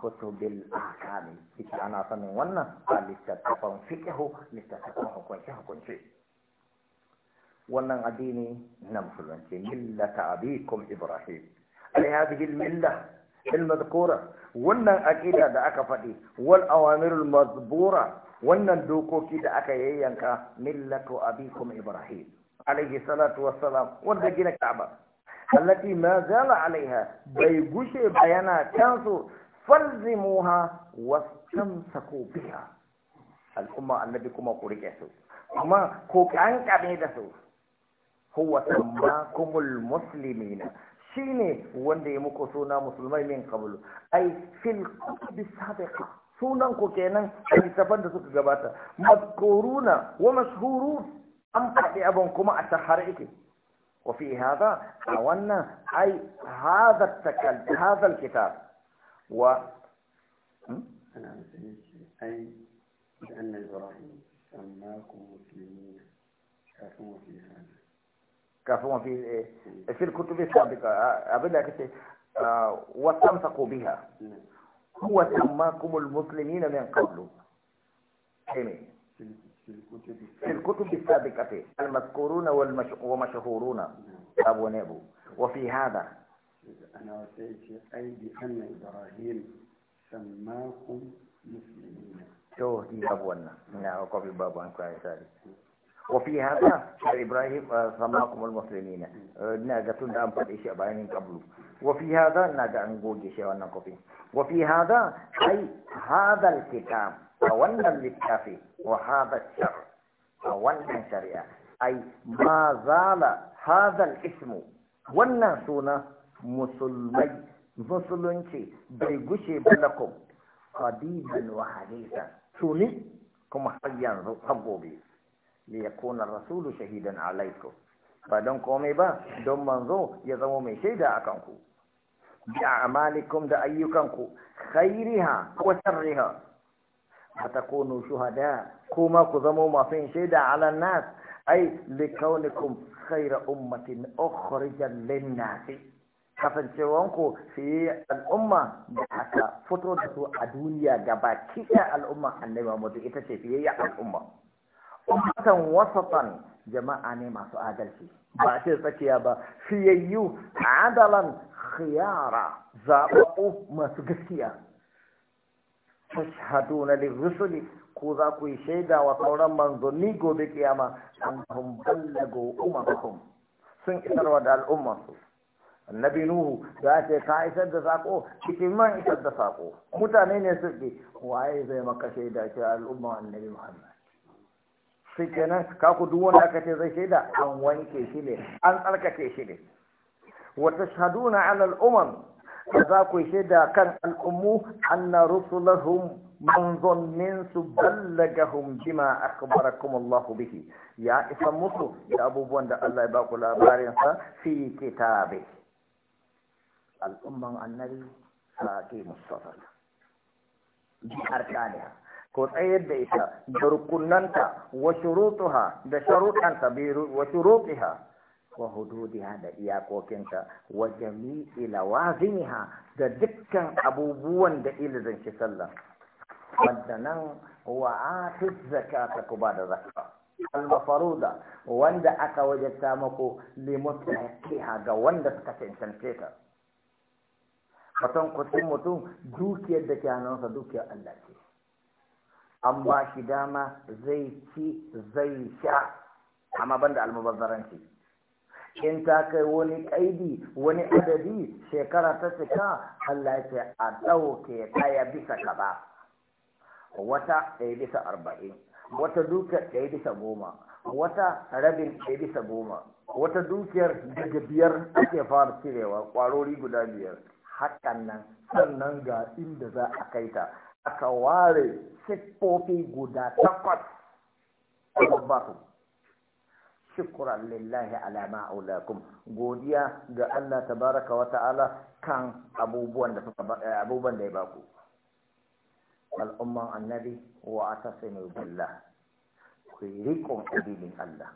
kutubil akami kici ana sanin wannan a littattafan fiƙihu littattafan hukunce-hukunce wannan addini na musulunci millata abikum ibrahim alhazihi almilla almadhkura wannan aqida da aka faɗi wal awamirul mazbura wannan dokoki da aka yayyanka millatu abikum ibrahim alaihi salatu wassalam wanda gina Ka'aba allati ma zala alaiha bai gushe ba yana kansu falzimuha wastamsaku biha al'umma annabi kuma ku rike su amma ko kankame da su huwa sammakumul muslimina shine wanda ya muku suna musulmai min qablu ai fil kutubi sabiqa sunan ku kenan a littafan da suka gabata madkuruna wa mashhurun an faɗi abin kuma a وفي هذا حاولنا أي هذا التكل هذا الكتاب و أي لأن إبراهيم سماكم مسلمين كفوا في هذا كفوا في إيه؟ في الكتب السابقة أبدا كتير وتمسكوا بها هو سماكم المسلمين من قبل. أمين. في الكتب السابقة المذكورون والمشهورون أبو نبو وفي هذا أنا أتيت أي بأن إبراهيم سماكم مسلمين شو دي أبو نعم وقف بابو أنك وفي هذا إبراهيم آه، سماكم المسلمين آه، ناجة تندام قد إشياء بعينين قبله وفي هذا ناجة أنقول إشياء وفي هذا أي هذا الكتاب a wannan littafi wa shar a wannan shari'a ai ma zala hadal ismu wannan suna musulmai musulunci bai gushe ba lakum qadiman wa tuni kuma har yanzu har gobe li yakuna rasulu shahidan alaikum ba don komai ba don manzo ya zama mai shaida a kanku bi a'malikum da ayyukanku khairiha ko sharriha atakunu shuhada kuma ku zamo masu yin shaida ala nas ai likaunikum khayra ummatin ukhrijan lin nas kasancewanku fiye al'umma da aka fito da su a duniya gaba kiɗa al'umma annabi Muhammadu ita ce fiye al'umma ummatan wasatan jama'a ne masu adalci ba ce tsakiya ba fiyayyu adalan khiyara zaɓaɓɓu masu gaskiya tashhaduna lirrusuli ko za ku yi shaida wa sauran manzanni gobe kiyama hum ballagu ummahum sun isarwa da al'ummarsu annabi nuhu ya ce ka isar da sako cikin man isar da sako mutane ne su ke, waye zai maka shaida ce al'umma annabi muhammad sai kenan ka ku duk wanda aka ce zai shaida an wanke shi ne an tsarkake shi ne wa tashhaduna ala da za ku shaida kan al'ummu anna rusulahum manzon min su ballagahum bima akhbarakum bihi ya isa musu da abubuwan da Allah ya ba ku labarin fi kitabe al'umman annabi sake mustafa bi arkaniha ko tsayar da ita da rukunanta wa shurutuha da sharuɗanta wa shuruɗiha wa hududiha da iyakokinta wa jami'i lawazimiha da dukkan abubuwan da ilizin shi sallah wanda nan wa atiz zakata ku ba da zakka al-mafaruda wanda aka wajata mako li mutlaqiha ga wanda suka cancance ta fatan kutun mutum dukiyar da ke hannunsa dukiyar Allah ce an ba shi dama zai ci zai sha amma banda almubazzaranci in ta kai wani kaidi wani adadi shekara ta cika Allah ce a ɗauke ɗaya bisa kaza wata ɗaya bisa arba'in wata dukiyar ɗaya bisa goma wata rabin ɗaya bisa goma wata dukiyar daga biyar ake fara cirewa ƙwarori guda biyar hakan nan sannan ga inda za a kai ta aka ware siffofi guda takwas a babbatu shukran lillahi ala ma aulakum godiya ga Allah tabaraka wa ta'ala kan abubuwan da eh, abubuwan da ya baku al'umman annabi wa atasimu billah ku rikon addinin Allah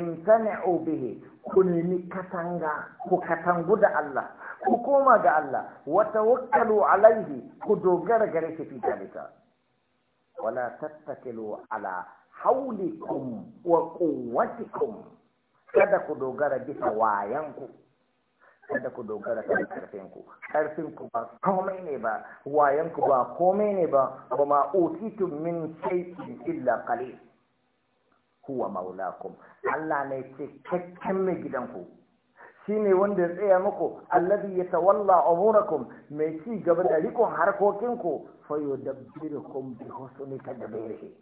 imtani'u bihi ku nemi katanga ku katangu da Allah ku koma ga Allah wa tawakkalu alaihi ku dogara gare shi fi dalika wala tattakilu ala haulikum wa quwwatikum kada ku dogara bisa wayanku kada ku dogara kan karfinku karfinku ba komai ne ba wayanku ba komai ne ba ba ma utitum min shay'in illa qalil huwa maulakum Allah ne cikakken mai gidanku shine wanda ya tsaya muku alladhi yatawalla umurakum mai ci gaba da rikon harkokinku fa yudabbirukum bi husni tadbirihi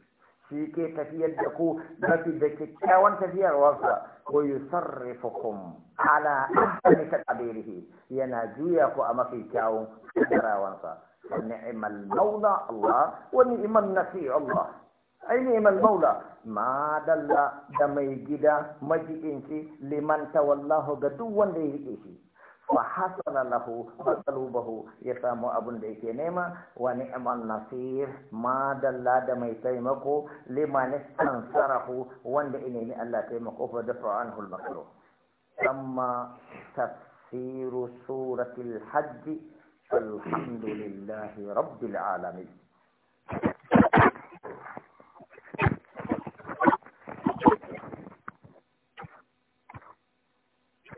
shi ke tafiyar da ku mafi da kyakkyawan tafiyarwarsa ko yi sarrifukum ala ahsani taqdirihi yana juya ku a mafi kyawun kaddarawansa ni'mal maula Allah wa ni'mal nasi Allah ai ni'mal maula ma dalla da mai gida majibinci liman tawallahu ga duk wanda ya riƙe shi fa hasana lahu matsalubahu ya samu abun da yake nema wa ni'mal nasir ma da mai taimako liman ansarahu wanda ina ne Allah taimako fa dafa anhu al-makruh amma tafsiru suratul hajj alhamdulillahi rabbil alamin